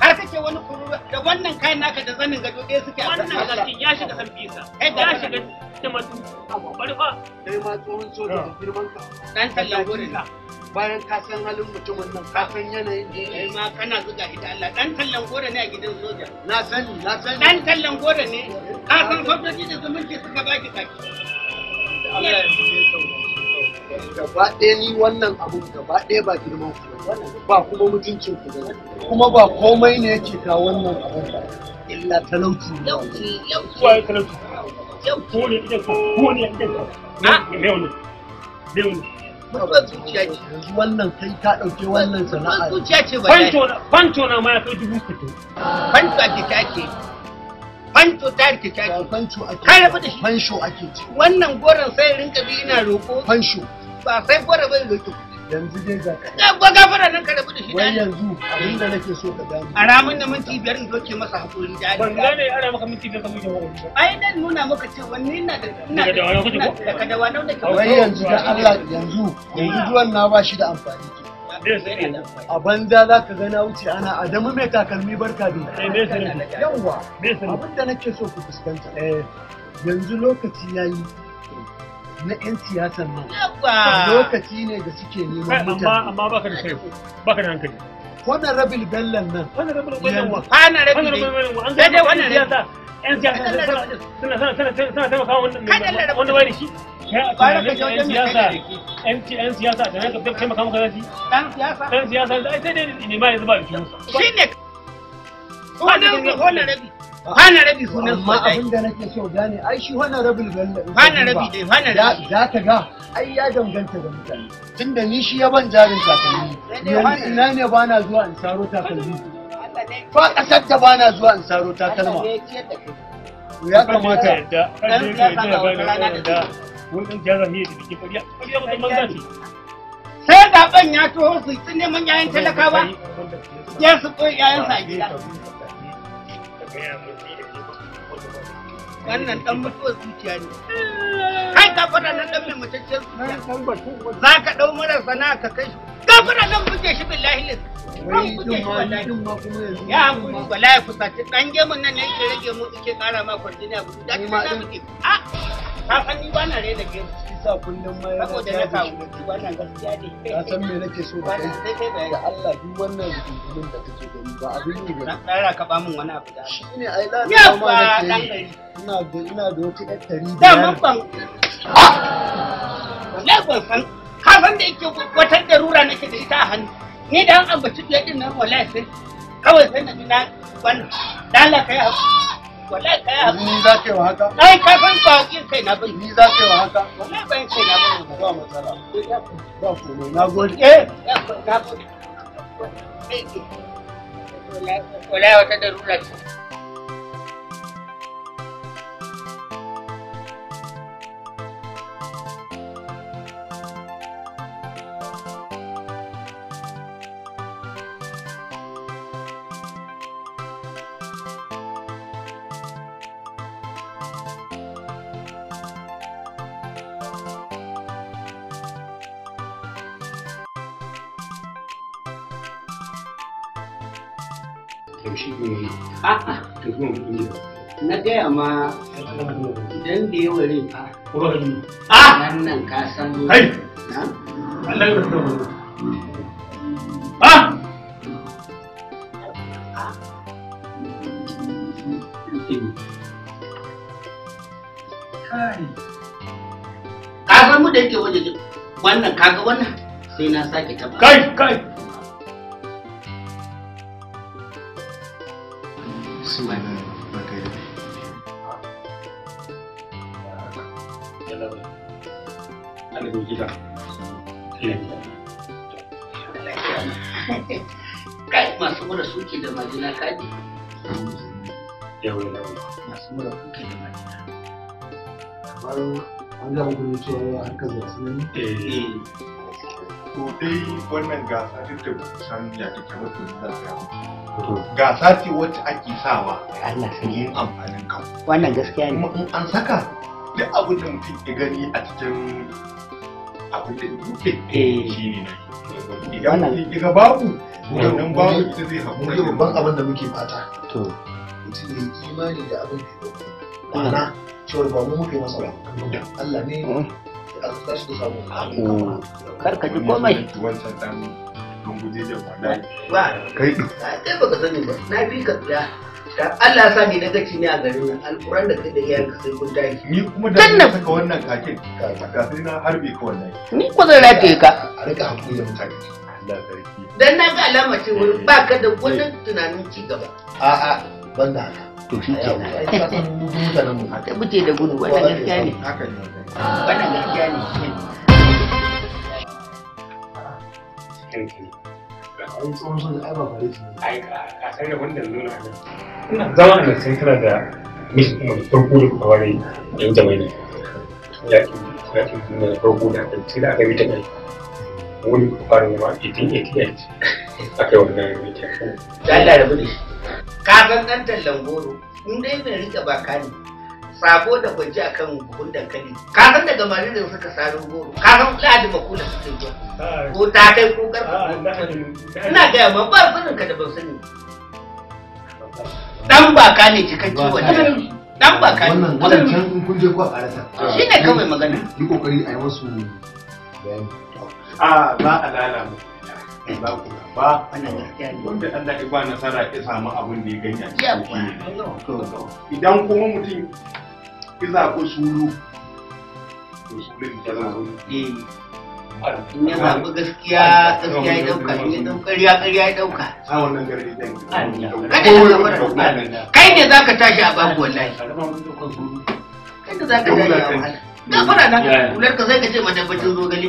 Ka kace wani da wannan kayan naka da zanin gado ɗaya suke a Wannan gaskin ya shiga san bisa. Ya shiga timatu. Bari fa. Kai ma tsohon soja da girman ka. Dan tallan gurin. Bayan ka san halin mutumin nan, ka san yanayin da kai ma kana zuga ita Allah. Dan tallan gore ne a gidan soja. Na sani, na sani. Dan tallan gore ne. Ka san sojoji da zumunci suka baki kaki. Allah ya yi gaba ɗaya ni wannan abu. gaba ɗaya ba girman ku ba kuma mutuncin ku ba kuma ba komai ne yake ka wannan abu ba illa talauci talauci talauci ko ne idan ko ko ne idan ko na ne ne ne mutuwar zuciya ce wannan kai ka ɗauke wannan sana'a zuciya ce ba fanto na ma ya kai dubu fito fanto ake ta ake fanto ta ake ta ake fanto ake ta ake fanto ake wannan goron sai rinka bi ina roƙo fanto ba sai fara bai lokin yanzu dai za ka ga gafara nan ka rabu da shi wai yanzu abin da nake so ka gani a ramin da minti biyar in doke masa hakuri da ban gane ana maka minti biyar ka muje hakuri ai dan nuna maka cewa ni na da ina da da ka da wannan da ka wai yanzu da Allah yanzu yanzu duwan na ba shi da amfani a banza za ka gana wuce ana adamu mai takalmi barka da eh, yawwa abinda da nake so ku fuskanta eh. yanzu lokaci ya yi na 'yan siyasar nan lokaci ne da suke neman mutane amma baka da kai baka da hankali wannan rabin bellan nan wannan rabin bellan wa wannan rabin bellan wa an ga wannan siyasa 'yan siyasa suna suna suna taimaka wannan wanda da siyasa da siyasa dan siyasa sai ne ma yanzu wannan wannan rabin hana rabi sunan su abin da nake so gane ai shi rabi hana rabi dai rabi za ka ga ai ya danganta da mutane tunda ni shi ya ban jarin yanzu ina ne bana zuwa in saro takalmi kasar bana zuwa in saro takalma ya kamata sai ya toho su yayin talakawa su koyi yayin sa gida wannan dan mutuwar zuciya ne kai ka faɗa na dan mai matacciyar zuciya za ka ɗau mara sana'a ka kai shi gafara zan buge shi billahi ne zan buge shi ya hankuri wallahi dan gemun nan ne yake rage mu yake kara ma kwarjini a da ki za mu ke a ah, ka san ni ba na rena gemu sa kullum mai saboda na kawo gaskiya ne ka san me nake so ba sai kai Allah duk wannan rubutun da kake gani ba abin ne ba tsara ka ba mun wani abu da shine ai la ina da ina da wata da mun ban ban san kafin da yake wata darura nake da ita a hannu ni da an ambaci ɗaya nan wallahi sai kawai sai na ji na wannan dala kai haku wallahi kai haku ni za ka yi wa haka ai ka san ba kin kai na bane ni za ka yi wa haka wallahi ban kai na bane ba matsala ba komai na gode eh na gode wallahi wata darura ce gaya ma idan da fa ah! ka san kai a ah! ka san mu da yake waje wannan kaga wannan sai na sake taba kai kai kuke da majina kaji? Yawon yawon. Masu mura kuke da majina. Kamar an gaba kuma cewa an ka zasu ne? Eh. eh. To dai wannan gasa duk ta kusan ya take mutum za ta Gasa ce wacce ake sawa Allah sai yin amfanin kan. Wannan gaskiya ne. Kuma an saka duk abin da mutum ya gani a cikin abin da duke eh, eh. shi ne na. Idan mutum ya babu wannan babu zai babban abin da muke fata to mutum imani da abin da ya na, cewar ba mu masa ba Allah ne mm. ya da kama. Mm. kar ka ji komai wancan guje ba kai sani ba na ka tsaya Allah sa ni na gaci ne a garin nan alƙuran da kai da iyayen ka sai kun tashi ni kuma da na saka wannan kakin na harbe ka wallahi ni ko zan rafe ka a rika hakuri da mutane Dan na ga alama ce wurin ba ka da wani tunanin ci gaba. A'a ban da haka. To shi ke nan. Haka buce da gudu wannan gaskiya ne. Wannan gaskiya ne. Ai tsohon da wanda zama sun kana da mishin da farko da kuma wani yan jama'i ne. da farko da kan ci da aka bi ta wuri ku fara nema 1888 aka yi wannan mitin. Allah da bude. Ka san ɗan tallan goro, in dai mai riƙe baka ne, sabo da kwanci akan buhun dankali. Ka san daga malin da suka saro goro, ka san lahadi makula suke yi. Ko ta kai ko karfa. Ina gaya ma ba sanin ka da ban sani. Dan baka ne cikakke wani. Dan baka ne. Wannan can kun je ku a ƙarasa. Shi ne kawai magana. Yi kokari a yi masu bayani. A'a, za a lalama. mu eh, za ku ba wanda Allah ya ba nasara ya samu abin da ya ganya cikin idan kuma mutum iza ko suru to surun ta zo ya zaɓi gaskiya gaskiya ya ɗauka ya ɗauka ya ƙarya ya ɗauka kai ne za ka tashi a babu wallahi kai ne za ka tashi a wahala na fara nan kular ka zai ka ce madabacin zogale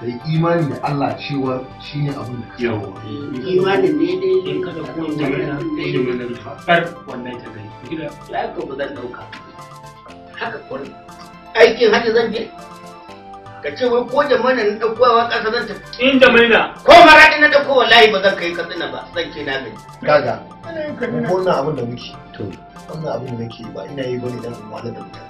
da imani da Allah cewa shi ne abin da ka yawa imanin ne ne in ka da kuma da shi ne na far wannan ta gani gida ya ka ba zan dauka haka kun aikin haka zan je ka ce wai ko da mana na daukowa kasa zan tafi? in da maina ko maradi na dauko wallahi ba zan kai katsina ba zan ke na gani kaga na abin da muke to wannan abin da nake ba ina yi bane dan in wala da mutane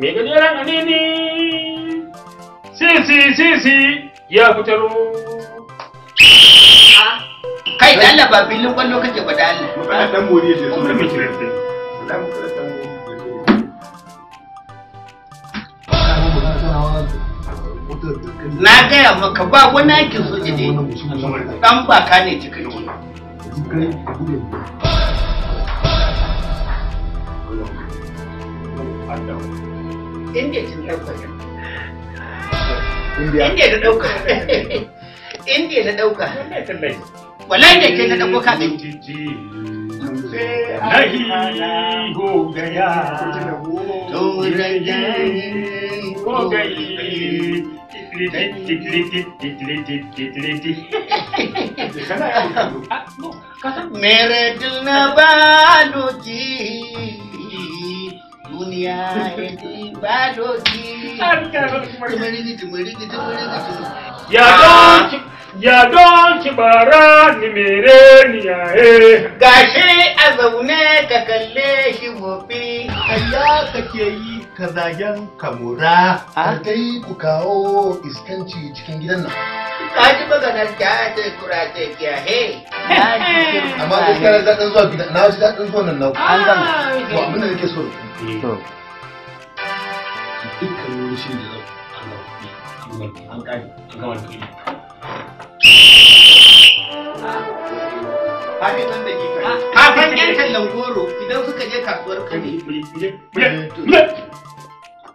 mai gani ran anini sisi sisi ya fitaro ah. kai da Allah ba filin kwallo kake ba da Allah dan moriye da su na gaya maka ba wani aikin so ne dan baka ne cikakke I indiya ta ɗauka indiya ta ɗauka indiya wallahi da ke ta ka nahi go gaya to go duniya ba doki tumarigi ya doki ya doki bara ni mere ni gashi a zaune ka kalle shi gobe Allah kake yi ka zagen ka Kai ah? ku kawo iskanci cikin gidan nan. Ka ji ta kura ta kiya he. <laughs> Amma gaskiya na daɗin zuwa gidan na ji daɗin zuwa nan nan. An gama. To abin da nake so da ku. Eh. Dukkan rushin da zan an ƙari an gama da kuɗi. Ah. Kafin 'yan tallan idan suka je kasuwar kare.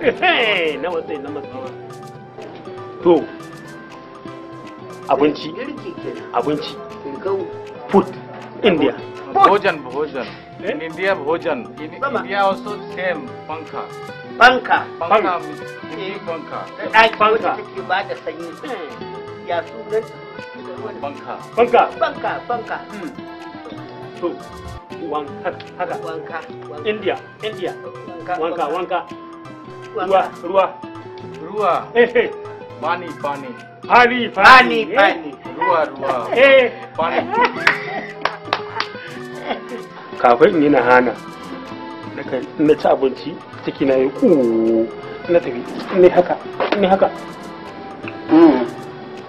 na matsayi to abinci abinci food india bhojan bhojan eh? in india bhojan in india also same panka panka panka panka ai eh, panka ki ba da sanyi ya su sunan panka panka panka panka to hmm. wanka haka wanka india india wanka wanka ruwa ruwa ruwa pani eh, eh. pani pani pani pani eh. ruwa ruwa pani <laughs> kafin yi na hana na ci abinci ciki na yi ku na tafi ne haka ne haka mm.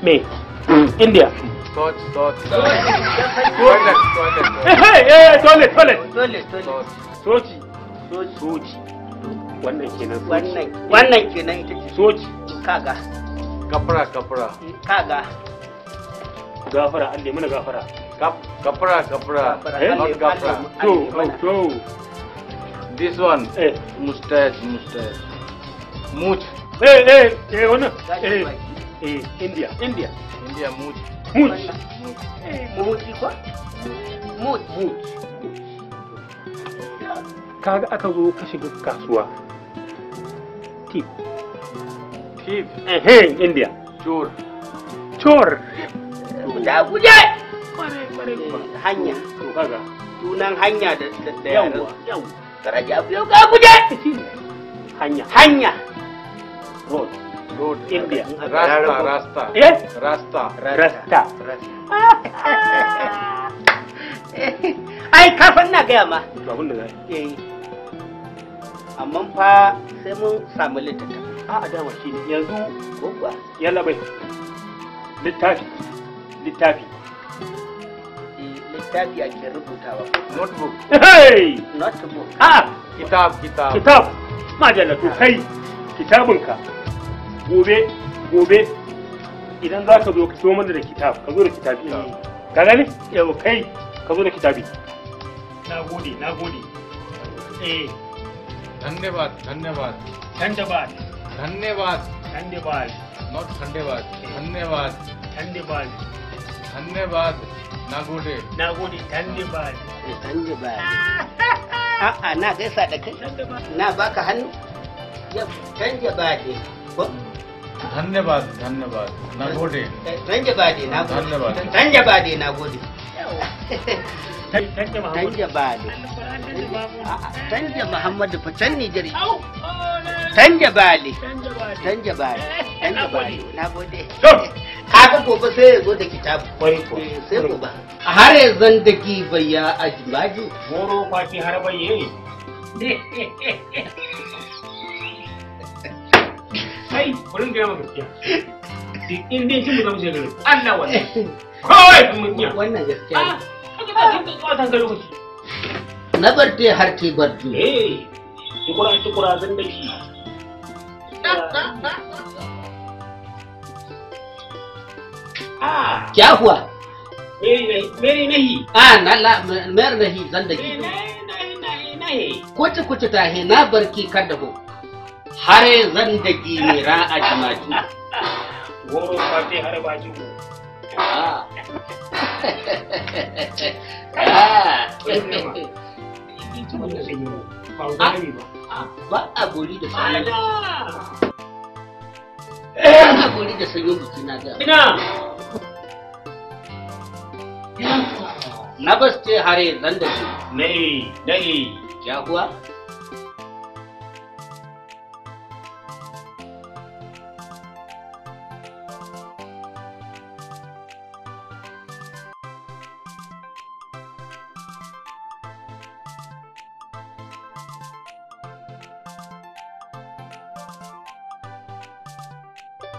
me mm. india toilet toilet toilet toilet toilet toilet toilet wannan kenan wannan wannan kenan ita ce soci kaga kafara kafara kaga gafara Allah mana gafara kafara kafara gafara eh? to to this one eh mustache eh eh eh wannan eh eh. Eh, eh india india india kaga aka zo ka shiga kasuwa tip tip eh india chor chor da guje kare kare eh, hanya to kaga tunan hanya da da yau daraja biyo ka guje eh, hanya hanya road road india rasta rasta eh rasta rasta ah! <laughs> eh, ai kafin na gaya ma to abin da zai amma fa sai mun samu littattafa a a dama shi yanzu gogwa yalla bai littafi littafi eh, littafi ake rubutawa notebook hey notebook a kitab kitab kitab majalla to kai kitabinka gobe gobe idan za ka zo ka so mana da kitab ka zo da kitabi eh. ka gani? yau kai ka zo da kitabi na gode na gode eh धन्यवाद धन्यवाद धन्यवाद धन्यवाद धन्यवाद नॉट धन्यवाद धन्यवाद धन्यवाद धन्यवाद नागोडे नागोडे धन्यवाद धन्यवाद a'a na gaisa da kai na baka धन्यवाद धन्यवाद धन्यवाद nagode धन्यवाद धन्यवाद धन्यवाद nagode <laughs> <laughs> Tanja Bado. Tanja Muhammadu fa can Nijar. Tanja Tanja Tanja Na gode. Kaga gobe sai ya zo da kitabu. Kwari ko. Eh, sai A har yanzu da ki bayya a jimaju. Goro har bayye. kurin maka gaskiya. shi zama Allah wannan. <laughs> Kawai Wannan gaskiya. नबरते हर की बर्जू हाँ। क्या हुआ मेरी नहीं मेरी नहीं आ हाँ, ना ला मेर नहीं जिंदगी तो। नहीं नहीं नहीं कुछ कुछ ता है ना बरकी कड हो हरे जिंदगी मेरा अजमाजू <laughs> वो रो हर बाजू Na ba su ce hare zan da nai nai ya kuwa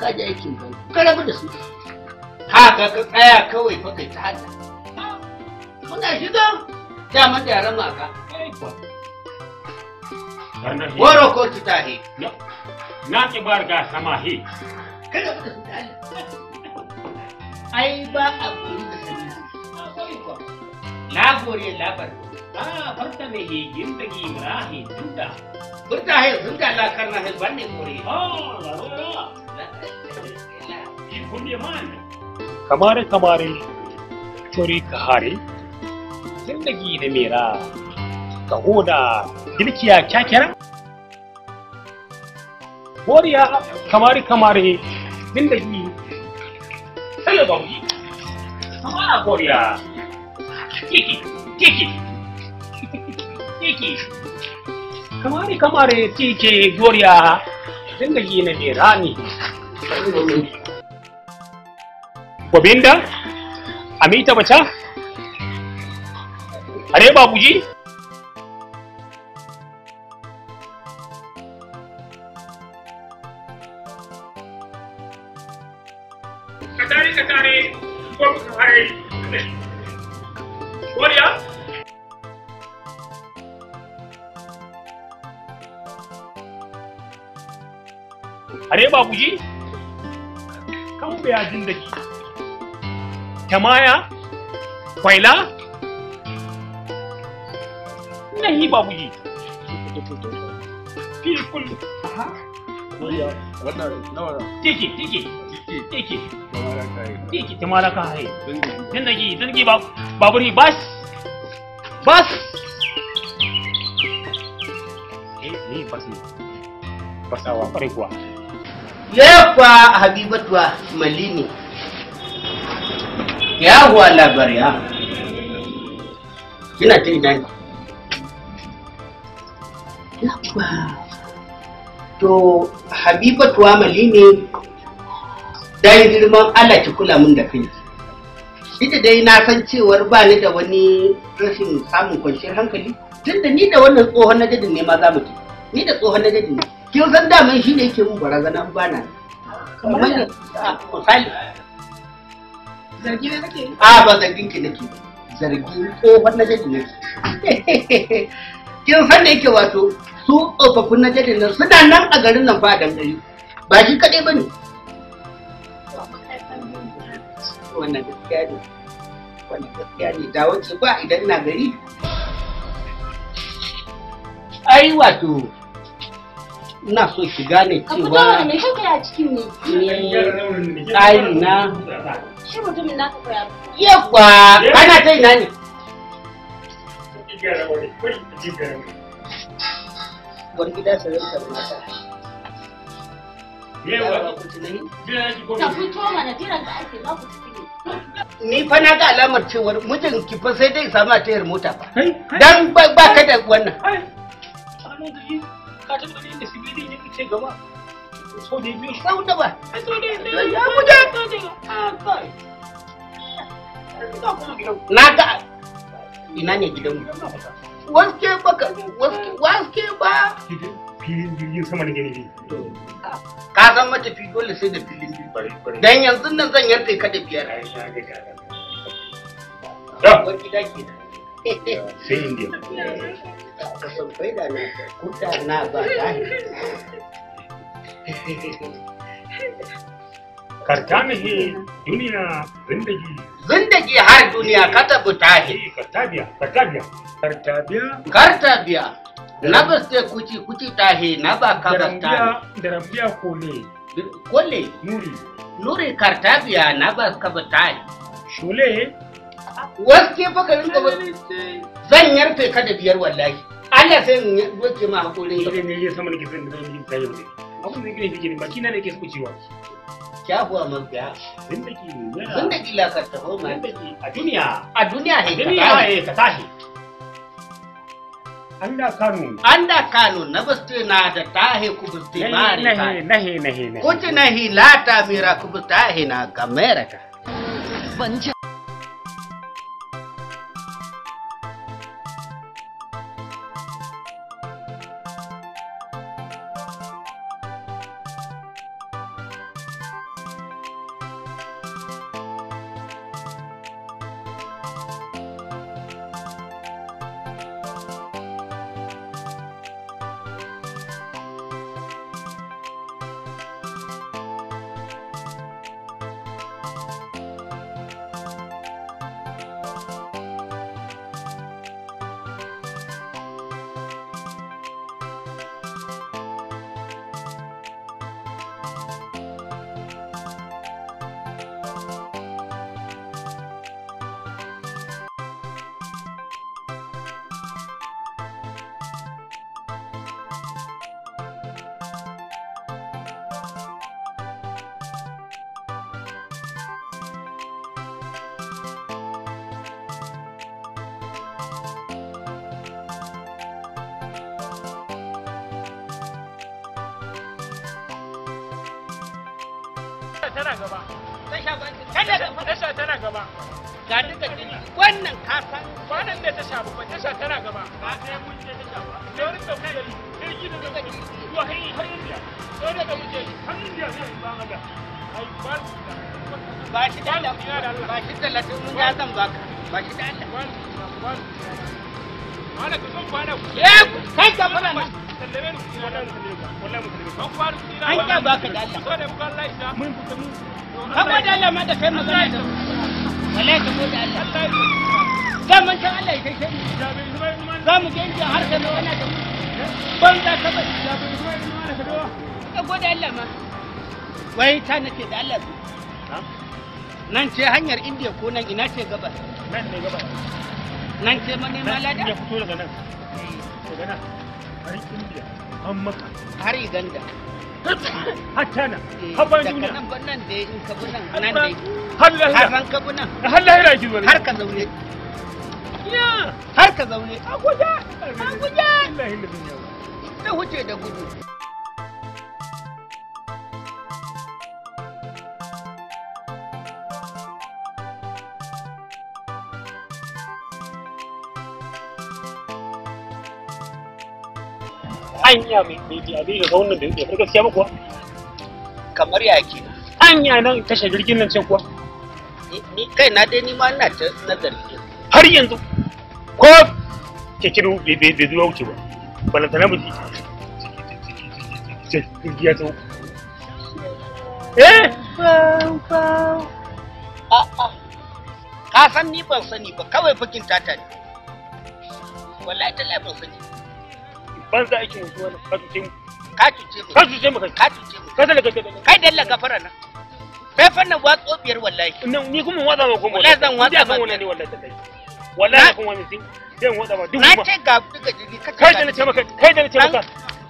ka ji aikin ban ka rabu su haka ka tsaya kawai fa kai ta hada muna shiga Ta da yaran maka waro ko ta tahi na ki bar ga sama he ka rabu da su ai ba a gori da sani na gori labar Ah, farta me hi jindagi mra hi dunda. Dunda hai dunda la karna hai banne mori. Oh, ah, kamar kamari curi kahari zindagi da mera kaho da girkiya kyakkyara kamari zindagi ba kiki kiki kiki kamari kamari zindagi mera ne Kobinda, Amita Bacha, Are Babuji. Are Babuji, kawo bayajin da ke. थमाया पहला नहीं जी बिल्कुल तुम्हारा कहा है जिंदगी जिंदगी बाबूजी बस बस नहीं बस बस आवा हुआ ये मलिनी ya huwa labari ya kina ta ina to habibatu mali ne dai girman ala ki kula min da kanki ita dai na san cewar ba ni da wani rashin samun kwanciyar hankali tunda ni da wannan tsohon na najadin ne ma za mu ci ni da tsohon na najadin ne kin san daman shi ne yake mun barazana ba na kamar misali Zargi ne kake yi? A ba zargin ki nake. Zargin tsohon na jadi nake. Kin san da yake wato su tsofaffin na jadi nan suna nan a garin nan fa ba dangare. Ba shi kaɗai ba ne. Wannan gaskiya ne. Wannan gaskiya ne. Da wace ba idan na gari. Ai wato ina so ki gane cewa ka me kake a cikin ne tsari na shi mutumin naka yawa ana ta ina ka ta fito mana jiran da ni fa na ga alamar cewar mijin ki fa sai dai samu a tayar mota fa dan ba ka da wannan ka taɓa ganin da sigiri da da na ina ne ah. dole sai da nan zan yarda ka da biyar ya Sindi. करता नहीं दुनिया जिंदगी जिंदगी हर दुनिया का तो है कर्तव्य कर्तव्य कर्तव्य कर्तव्य नब से कुछ कुछ ताहे नबा का बस्ता द्रव्य कोले कोले नूरी नूरी कर्तव्य नब का बताए Sholay waske fa ka rinka ba zan yarfe ka da biyar wallahi Allah sai in doke ma hakurin ka ne ya sama nake zan zan yi ta yau ne. abun da yake ne baki na nake kucewa kyafuwa man biya zan da ki zan da ki lakarta ko ma a duniya a duniya he duniya ka tashi anda kanu. anda kanu na basti na da tahe ma mare ka nahi nahi nahi kuch nahi lata mera kubta hai na ka mera ka tasha tana gaba tana gaba ga duka jini wannan da ba tana gaba ba sai mun je ba da daga jirgi ko hayi hayi da sai mun je da ba ga ai ba ba shi da Allah ba shi da Allah mun ga zan ba shi da Allah kwana eh kai ka fara ni an kya ba ka da kai da da kai kai da ka wai ta nake da Allah su nan ce hanyar indiya ko nan ina ce gabas nan ne gabas nan ce manema lada ya fito daga nan daga nan indiya an maka har hatta nan haɓar eh, duniya nan ban nan da in nan nan da har lahira har ka bi nan har lahira ki zo har ka zaune har ka zaune a guja a guja ta huce da gudu hanya wannan da gaskiya ba kuwa kamar ya ke hanya nan tashar jirgin nan ce kuwa ni kai na dai ni ma ina ta nazari har yanzu ko keke bai zuwa wuce ba balanta na mutu jirgi ya tsawo eh ka san ni ban sani ba kawai bakin tata ne wallahi ta ban sani banza ake mutum wani ka cuce mu ka cuce mu ka cuce mu ka cuce mu ka da kai dalla gafara nan kai fannin wa biyar wallahi ni kuma watsa ma kuma wallahi zan watsa ma ne wallahi ta wallahi kuma wani sin zan watsa ma duk na ce ga duka jini ka kai da na ce maka kai da na ce maka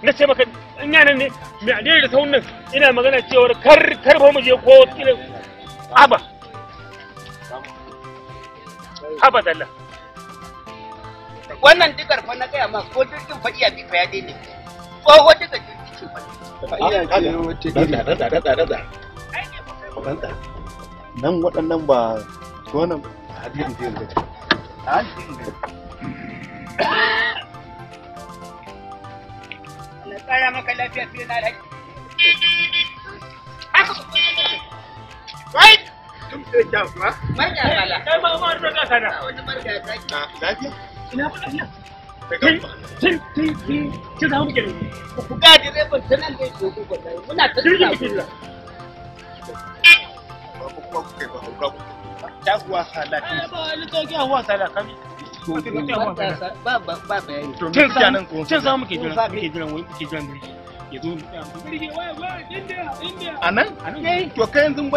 na ce maka in yana ne me a da sahun nan ina magana cewar kar kar fa mu je ko kila aba aba dalla wannan digar fa na gaya ma ko jirgin fa iya bifa ya daina tsoho ko jirgin fa nan waɗannan ba ne Allah tsara maka lafiya fiye na haka kala kai ma ina ba tafiya tun ba ba ba ba ba ba ko tun sa ya zo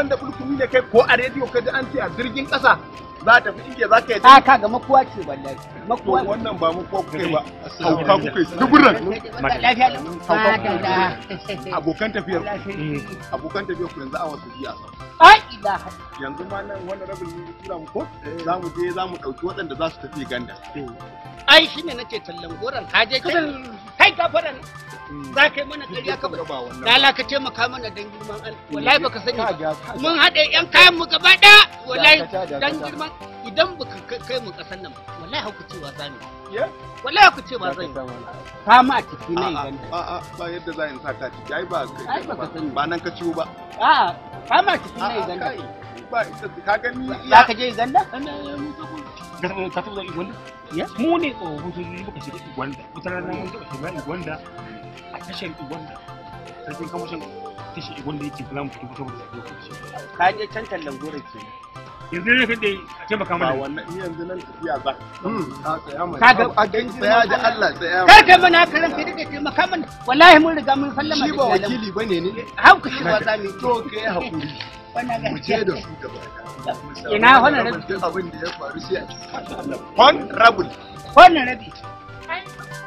da bulkumi kai ko a rediyo ka ji an a jirgin kasa za ta fi ike za ka yi ta ka ga makuwa ce wallahi makuwa wannan ba makuwa kuka ba hauka kuka yi duburan abokan tafiyar mm. abokan tafiyar ku yanzu awa su biya sa yanzu ma nan wani rabin ne tura mu ko za mu je za mu ɗauki waɗanda za su tafi ganda ai shi ne nake tallan goran? Haje kai. kai gafaran mm. za ka yi mana ƙarya ka bari lala ka taimaka mana don girman Allah mm. wallahi baka sani mun haɗe yan kayan mu gaba ɗaya wallahi don girman idan ba kai mu kasan nan wallahi haku cewa za mu wallahi haku cewa za mu ta ma ciki ne idan a a ba yadda za in saka ciki ai ba ba nan ka ciwo ba a ta ma ciki ne idan ba ka gani ya ka je idan da ka Ya, mu ne oh, shiga wata rana mun shiga a yake fito ka je can tallan gora ke yanzu ne kaɗai a taimaka mana. wannan yanzu nan tafiya hmm. ka. ga a gangi ya da Allah tsaya. Kar kai mana da taimaka mana wallahi mun riga mun sallama. Shi ba wakili ne Hauka shi ba za mu To kai Wannan da su gaba ɗaya. Ina Abin da ya faru sai a cikin.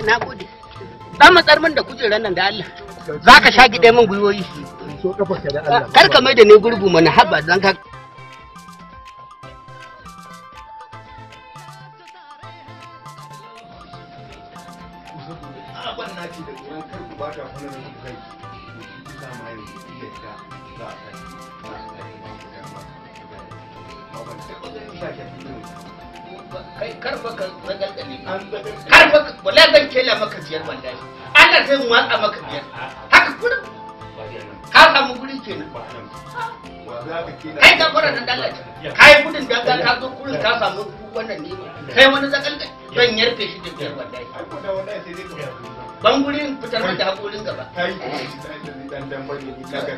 na gode dan matsar min da kujeran nan da Allah za ka sha gide min gwiwoyi kar ka mai da ni gurgu mana habba zan ka ban fitar da hakorin gaba kai dan dan bane ni kaga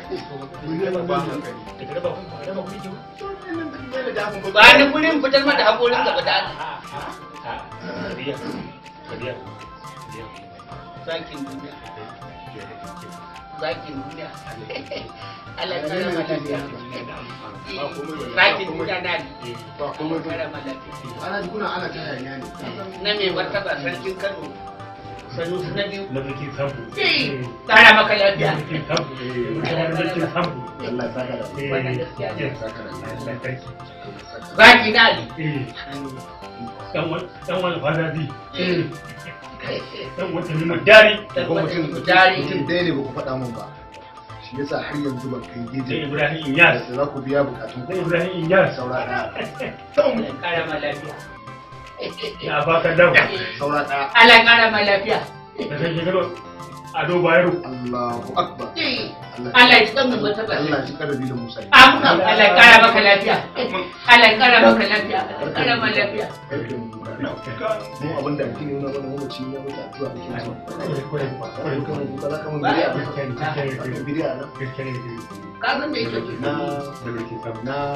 ba da ba kun fara ba kun ji ba ni gurin fitar mata hakorin gaba da zakin duniya zakin duniya <laughs> Allah ta rama lafiya eh, zakin duniya na ne eh, ba kuma ta ana kuna ana ta hayaniya ne na me martaba sarkin Kano sanusi na biyu na mulkin sambu ƙara eh. maka lafiya na mulkin sambu eh, na mulkin sambu eh, Allah saka da zaki na ali dan wani dan wata <laughs> nuna dari dan wata nuna dari mutum ɗaya ne ba ku faɗa min ba shi yasa har yanzu ban kai gidi Ibrahim Iyas za ku biya bukatun Ibrahim Iyas saurara <laughs> dan mu ƙara ma lafiya Ya ba ka dawo. Ala ɗaya. mai lafiya. Da sai shekaru Ado Bayero. Allahu Akbar. Allah ya kan gaba tabar. Allah ya kan rabi da Musa. Amin. Allah ya maka lafiya. Allah ya maka lafiya. Ƙara mai lafiya. mu abin da kini wani wani mamaci ne wata addu'a da kina son kwarai kwarai ba za ka mun bidiya ba bidiya ka san da yake na na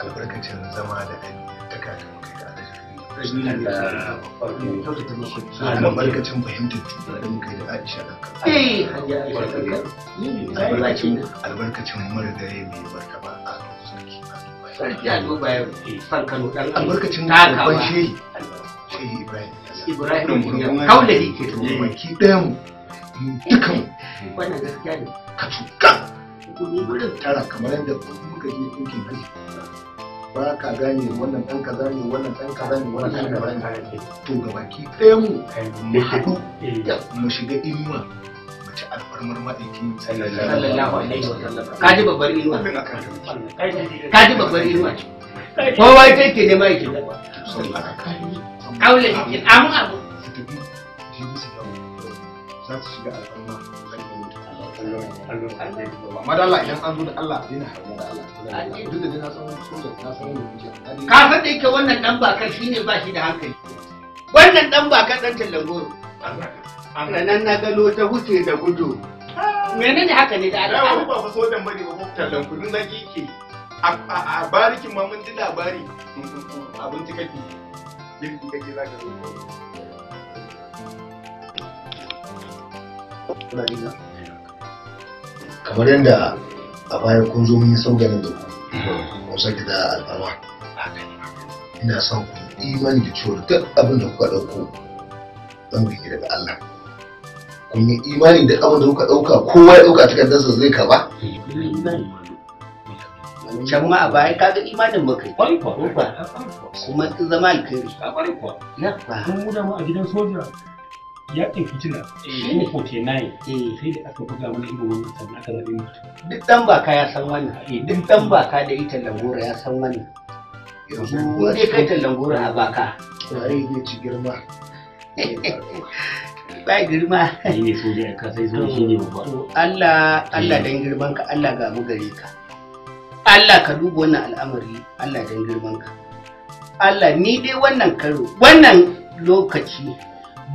albarkacin zama da ɗan ta kafin kai ga albarkacin fahimtar juna da muka yi da aisha da kan eh, albarkacin marigaye mai barka ba a sarki eh. albarkacin babban shehi shehi ibrahim ibrahim kaulahi ke tuwa ki ɗayan dukan eh. wannan gaskiya ne ka tuka tara kamar yadda muka je ɗinkin kashi ba ka gane wannan ɗan kaza ne wannan ɗan kaza ne wannan ɗan kaza ne to ga baki ɗaya mu mu haɗu mu shiga inuwa mu ci alfarmar ma'aikin sallallahu alaihi wa sallam ka ji babbar inuwa ka ji babbar inuwa kowa ita ke nema yake kaule amu abu za su shiga alfarma amma da Allah idan an zo da Allah dina hanya da Allah duk da dai na san sojan na san wani kuke ka san da yake wannan dan bakar shine ba shi da hankali wannan dan bakar dan tallan goro nan na galo ta huce da gudu menene haka ne da Allah ya ba fa sojan bane ba tallan kudin da kike a barikin ma mun ji labari abinci kake girki kake zaka zo kamar yadda a baya kun zo mun yi sauganin da ku kun saki da alfarma ina son ku imani da cewa duk abin da kuka ɗauko zan bi daga Allah kun yi imani da abin da kuka ɗauka kowa ya ɗauka takardarsa zai kaba can ma a baya kaga imanin ba kai kuma zama alkhairi na ba mu da ma a gidan soja yakin fitina eh. shi ko 49 eh. sai da aka buga mana irin wannan sannan aka zaɓi mutum. Duk ɗan baka ya san wannan, eh, duk ɗan baka da ita langora ya san wannan. Yanzu dai kai ta langora a baka. Waye zai ci girma. <laughs> Ba girma. Ni ne soja ya sai zo shi ne babba. Allah Allah dan girman ka Allah ga mu gare ka. Allah ka duba wannan al'amari Allah dan girman ka. Allah ni dai wannan karo wannan lokaci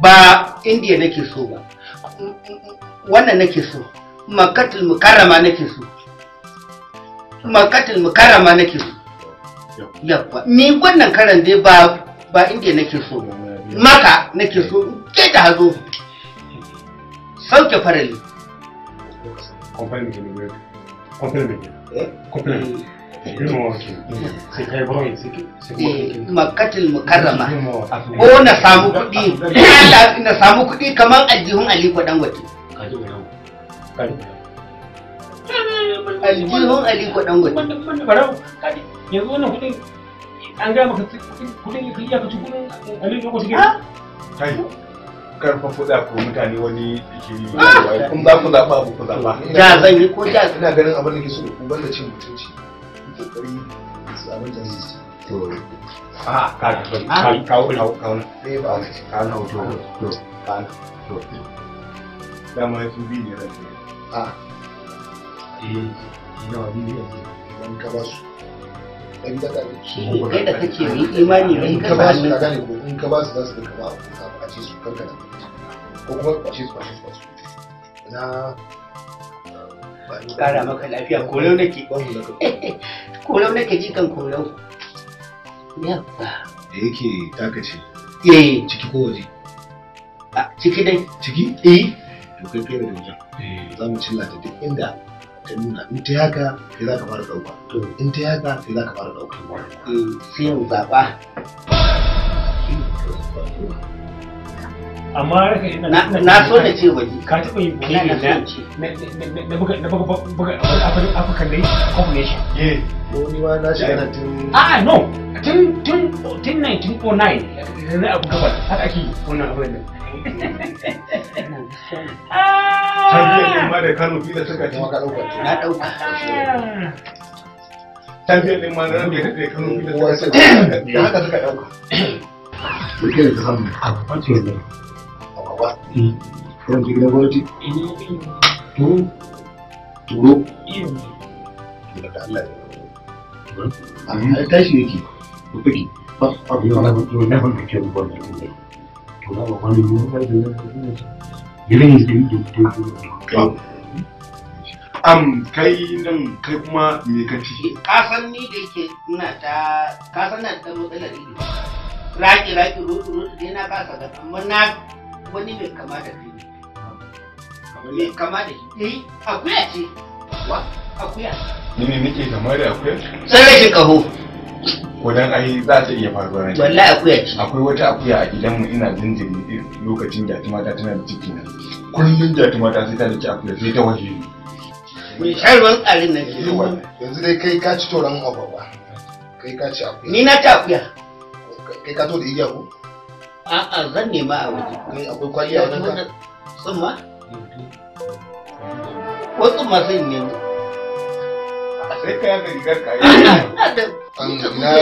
ba indiya nake so ba wannan nake so makatul mukarrama nake so makatul mukarrama nake so yawa ni wannan karan dai ba ba indiya nake so maka nake so ke ta hazo sauke farali compliment compliment eh? compliment Eh, makatil mukarrama ko na samu kuɗi na samu kamar aljihun aliko dangote aljihun aliko dangote yanzu wannan an gaya maka ko mutane wani kun za ku ku Da zan yi ko da. Ina ganin abin da ke so ku banda cin mutunci. kokari su abin to a ka ka ka ka ka ka ka ka kai da kake imani ne ka ba su ka gane in ka ba su za su a ce su kanka ko kuma su su na kara maka lafiya kolau nake kolau nake jikan kolau yabba da yake taka ce eh ciki ko waje a ciki dai ciki eh to kai kai da wajen za mu cilla ta duk inda ta nuna in ta haka sai za ka fara dauka in ta haka sai za ka fara dauka eh, sai mu zaba Thank you. amma raka ina na so na ce waje ka taɓa yin kuɗi na na buga na buga buga African dai combination ni ba na shiga na tun a no tun tun tun 1909 na abu gabas haka ake wannan abin nan Tafiyar ma da Kano fiye suka ci. Na ɗauka. Tafiyar ɗin ma da Kano fiye suka ci. Haka suka ɗauka. Mutum da samun abu. ba irin ta gidan gwamnati to turo to tashi yake ku fage ba a biyu na mutu na ban kake da to na ba da ya gidan yi da da am kai nan kai kuma me ka ci ka san ni da ina ta ka san na matsalar ido raki raki dai na ga amma na wani mai kama da kai mai kama da shi eh, akuya ce wa akuya ni ne nake kama da akuya sai kaho kodan ai za ta iya faruwa ne wallahi akuya ce akwai wata akuya a gidanmu ina jinjiri lokacin da tuma ta tana da ciki na kullun da tuma ta sai ta da akuya sai ta waje ni shan ruwan tsarin nan ke yanzu dai kai ka ci toron agwagwa kai ka ci akuya ni na ta akuya kai ka to da igiya ko A'a zan nema a waje. Kai akwai kwaliya wajen ka? Tsumma? Mm-hmm. Ko tsumma sai in nemo. Sai ka yanka rigar ka yi.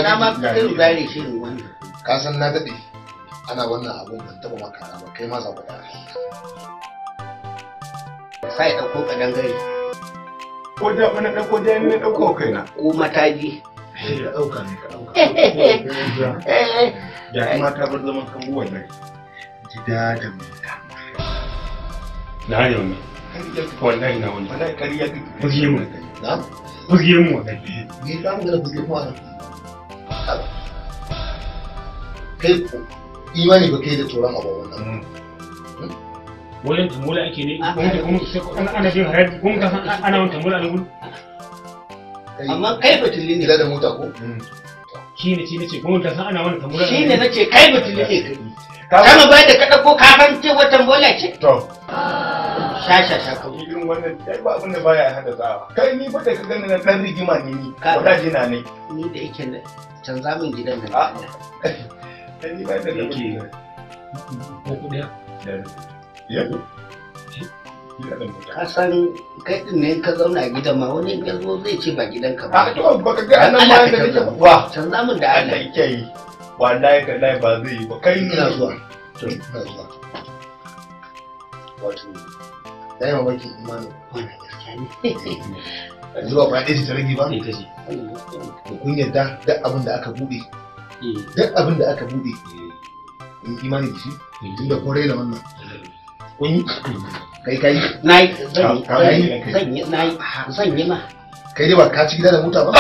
Na ma kai zare shi ne wannan. Ka san na daɗe ana wannan abun ban taɓa maka ba kai ma za ku Sai ɗauko ƙadangare. Ko da wani ɗauko da ya ni ɗauko kaina. Ko mataji. ka ɗauka ka ɗauka ya <laughs> eh. kuma ta bar zaman kan buwan nan gida da mata na yau ne wallahi na wani wallahi kariya ka fuske mu na fuske mu wallahi ni da mu da mu ana kai imani ba kai da tsoron abu wannan wajen hmm. hmm? tambula ake ne ana jin haraji kuma ana a amma kai batuli ne da mota ko hmm. shi ne shi ne ce kuma ka san ana wani tambura shi ne nace kai batuli ne kai kama bai da ka dauko ka san ce watan bola ce to sha sha sha ka irin wannan dai ba abin da baya haddasawa kai ni fa da ka gani na dan rigima ne ni wadaji na ne ni da yake na canza min gidan nan kai ni ba da yake ko kuɗi ya ka san kai din ne ka zauna a gidan ma wani ya zo zai ce ba gidan ka ba a ah, to ba ka ga nan ma da nake ba can zamun da Allah yake yi wallahi ka lai ba zai yi ba kai ina zuwa to ina zuwa wato dai ma baki imani wannan gaskiya ne zuwa ba dai ta rage ba ne kace kun yarda duk abin da aka buɗe, eh. duk abin da aka buɗe, in eh. imani da shi eh. tunda kun raina wannan kun yi kai kai nai zan zan yi nai zan yi ma kai dai ba ka ci gida da mota ba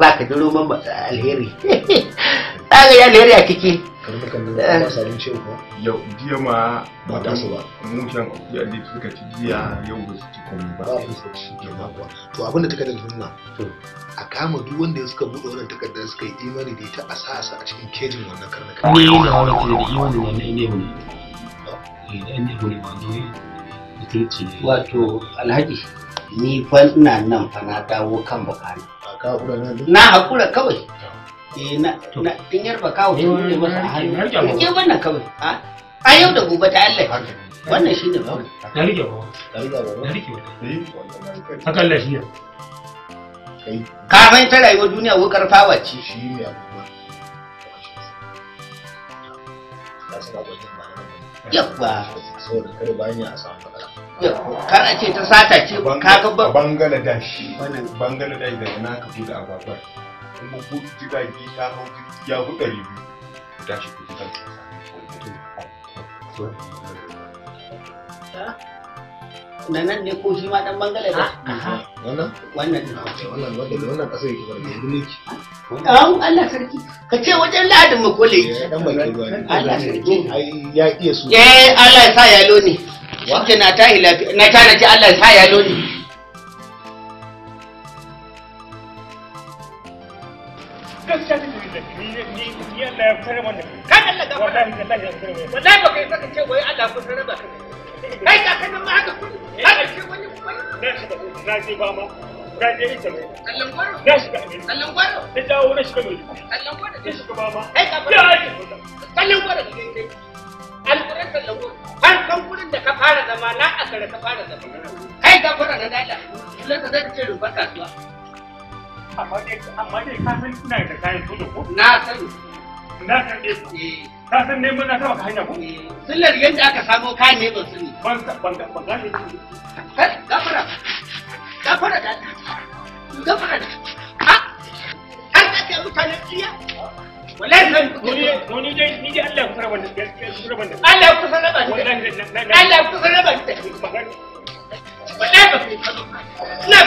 za ka ji roman alheri ta ga alheri a à, ciki Eh. yau jiya ma suka ci jiya yau ba su ci ba abin da takardar nuna a kama duk wanda ya suka buɗe wannan takardar suka yi imani da ita a sa a cikin kejin wannan karnukan ne yana wani kejin imani wannan ne ne ne ne ne ne wato alhaji ni fa ina nan fa na dawo kan bakani na hakura kawai Eh, in yarba kawo ne masa a hannu ke wannan kawai a yau da gobe ta Allah wannan shi ne rike ta rayuwa duniya wukar fawa ce shi ne yawwa saboda kare kana ce ta sata ce ka ga da na ka bude agwagwar kuma ko jirage ta hau ya fi ɗari biyu ku tashi ku kan na nan ne ko shi ma ɗan bangala da wannan wannan wannan wanda da wannan kasar yake barka yanzu ne ki an Allah sarki ka ce wajen ladin mu kole yake dan baki ruwa Allah sarki ai ya iya su eh Allah ya sa yalo ne wa na ta lafiya. na ta na Allah ya sa yalo ne gaskiya ta jiri da ni ni ni Allah ya kare wannan ka da Allah wallahi wallahi ya kare wannan wallahi yi saka ka kai ka kana ma haka ni. Eh. haka ce wani wani na shiga na je ba ma na je ita mai Allah gwaro na shiga ne Allah gwaro ta dawo na shiga mai Allah gwaro ta shiga ba ma ka fara Allah gwaro ne dai alƙuran sallan gwaro har kan gurin da ka na a kare ka fara zama kai ka fara na dala kullum ka zai ce rubar kasuwa amma dai da ko na san na san eh. san ne eh. aka samo kayan ne ban sani ban ban ban gafara gafara da gafara da ha an ah! ka mutanen tsiya wallahi zan kuri ni dai ni dai Allah ku rabar da gaskiya Allah ku san rabar da Allah ku san da magana wallahi ba ku san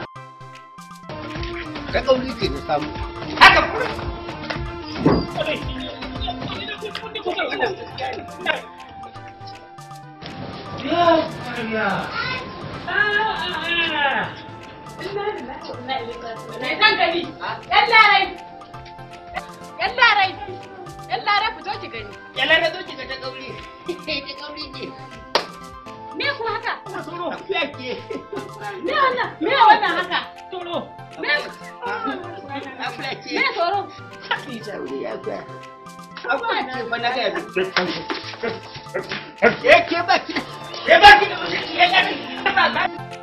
kai kauri ke ta samu haka Ya Allah. Ah, Ina da na ki gani. Yalla zo ki ga ta Ta <laughs> ne. me ku haka kuma sauro tafiya ke me wannan me wannan haka sauro me tafiya ah, ah, me sauro haƙi jauri ya ba na ga ya ke ba ki ya ba ki ya ga ni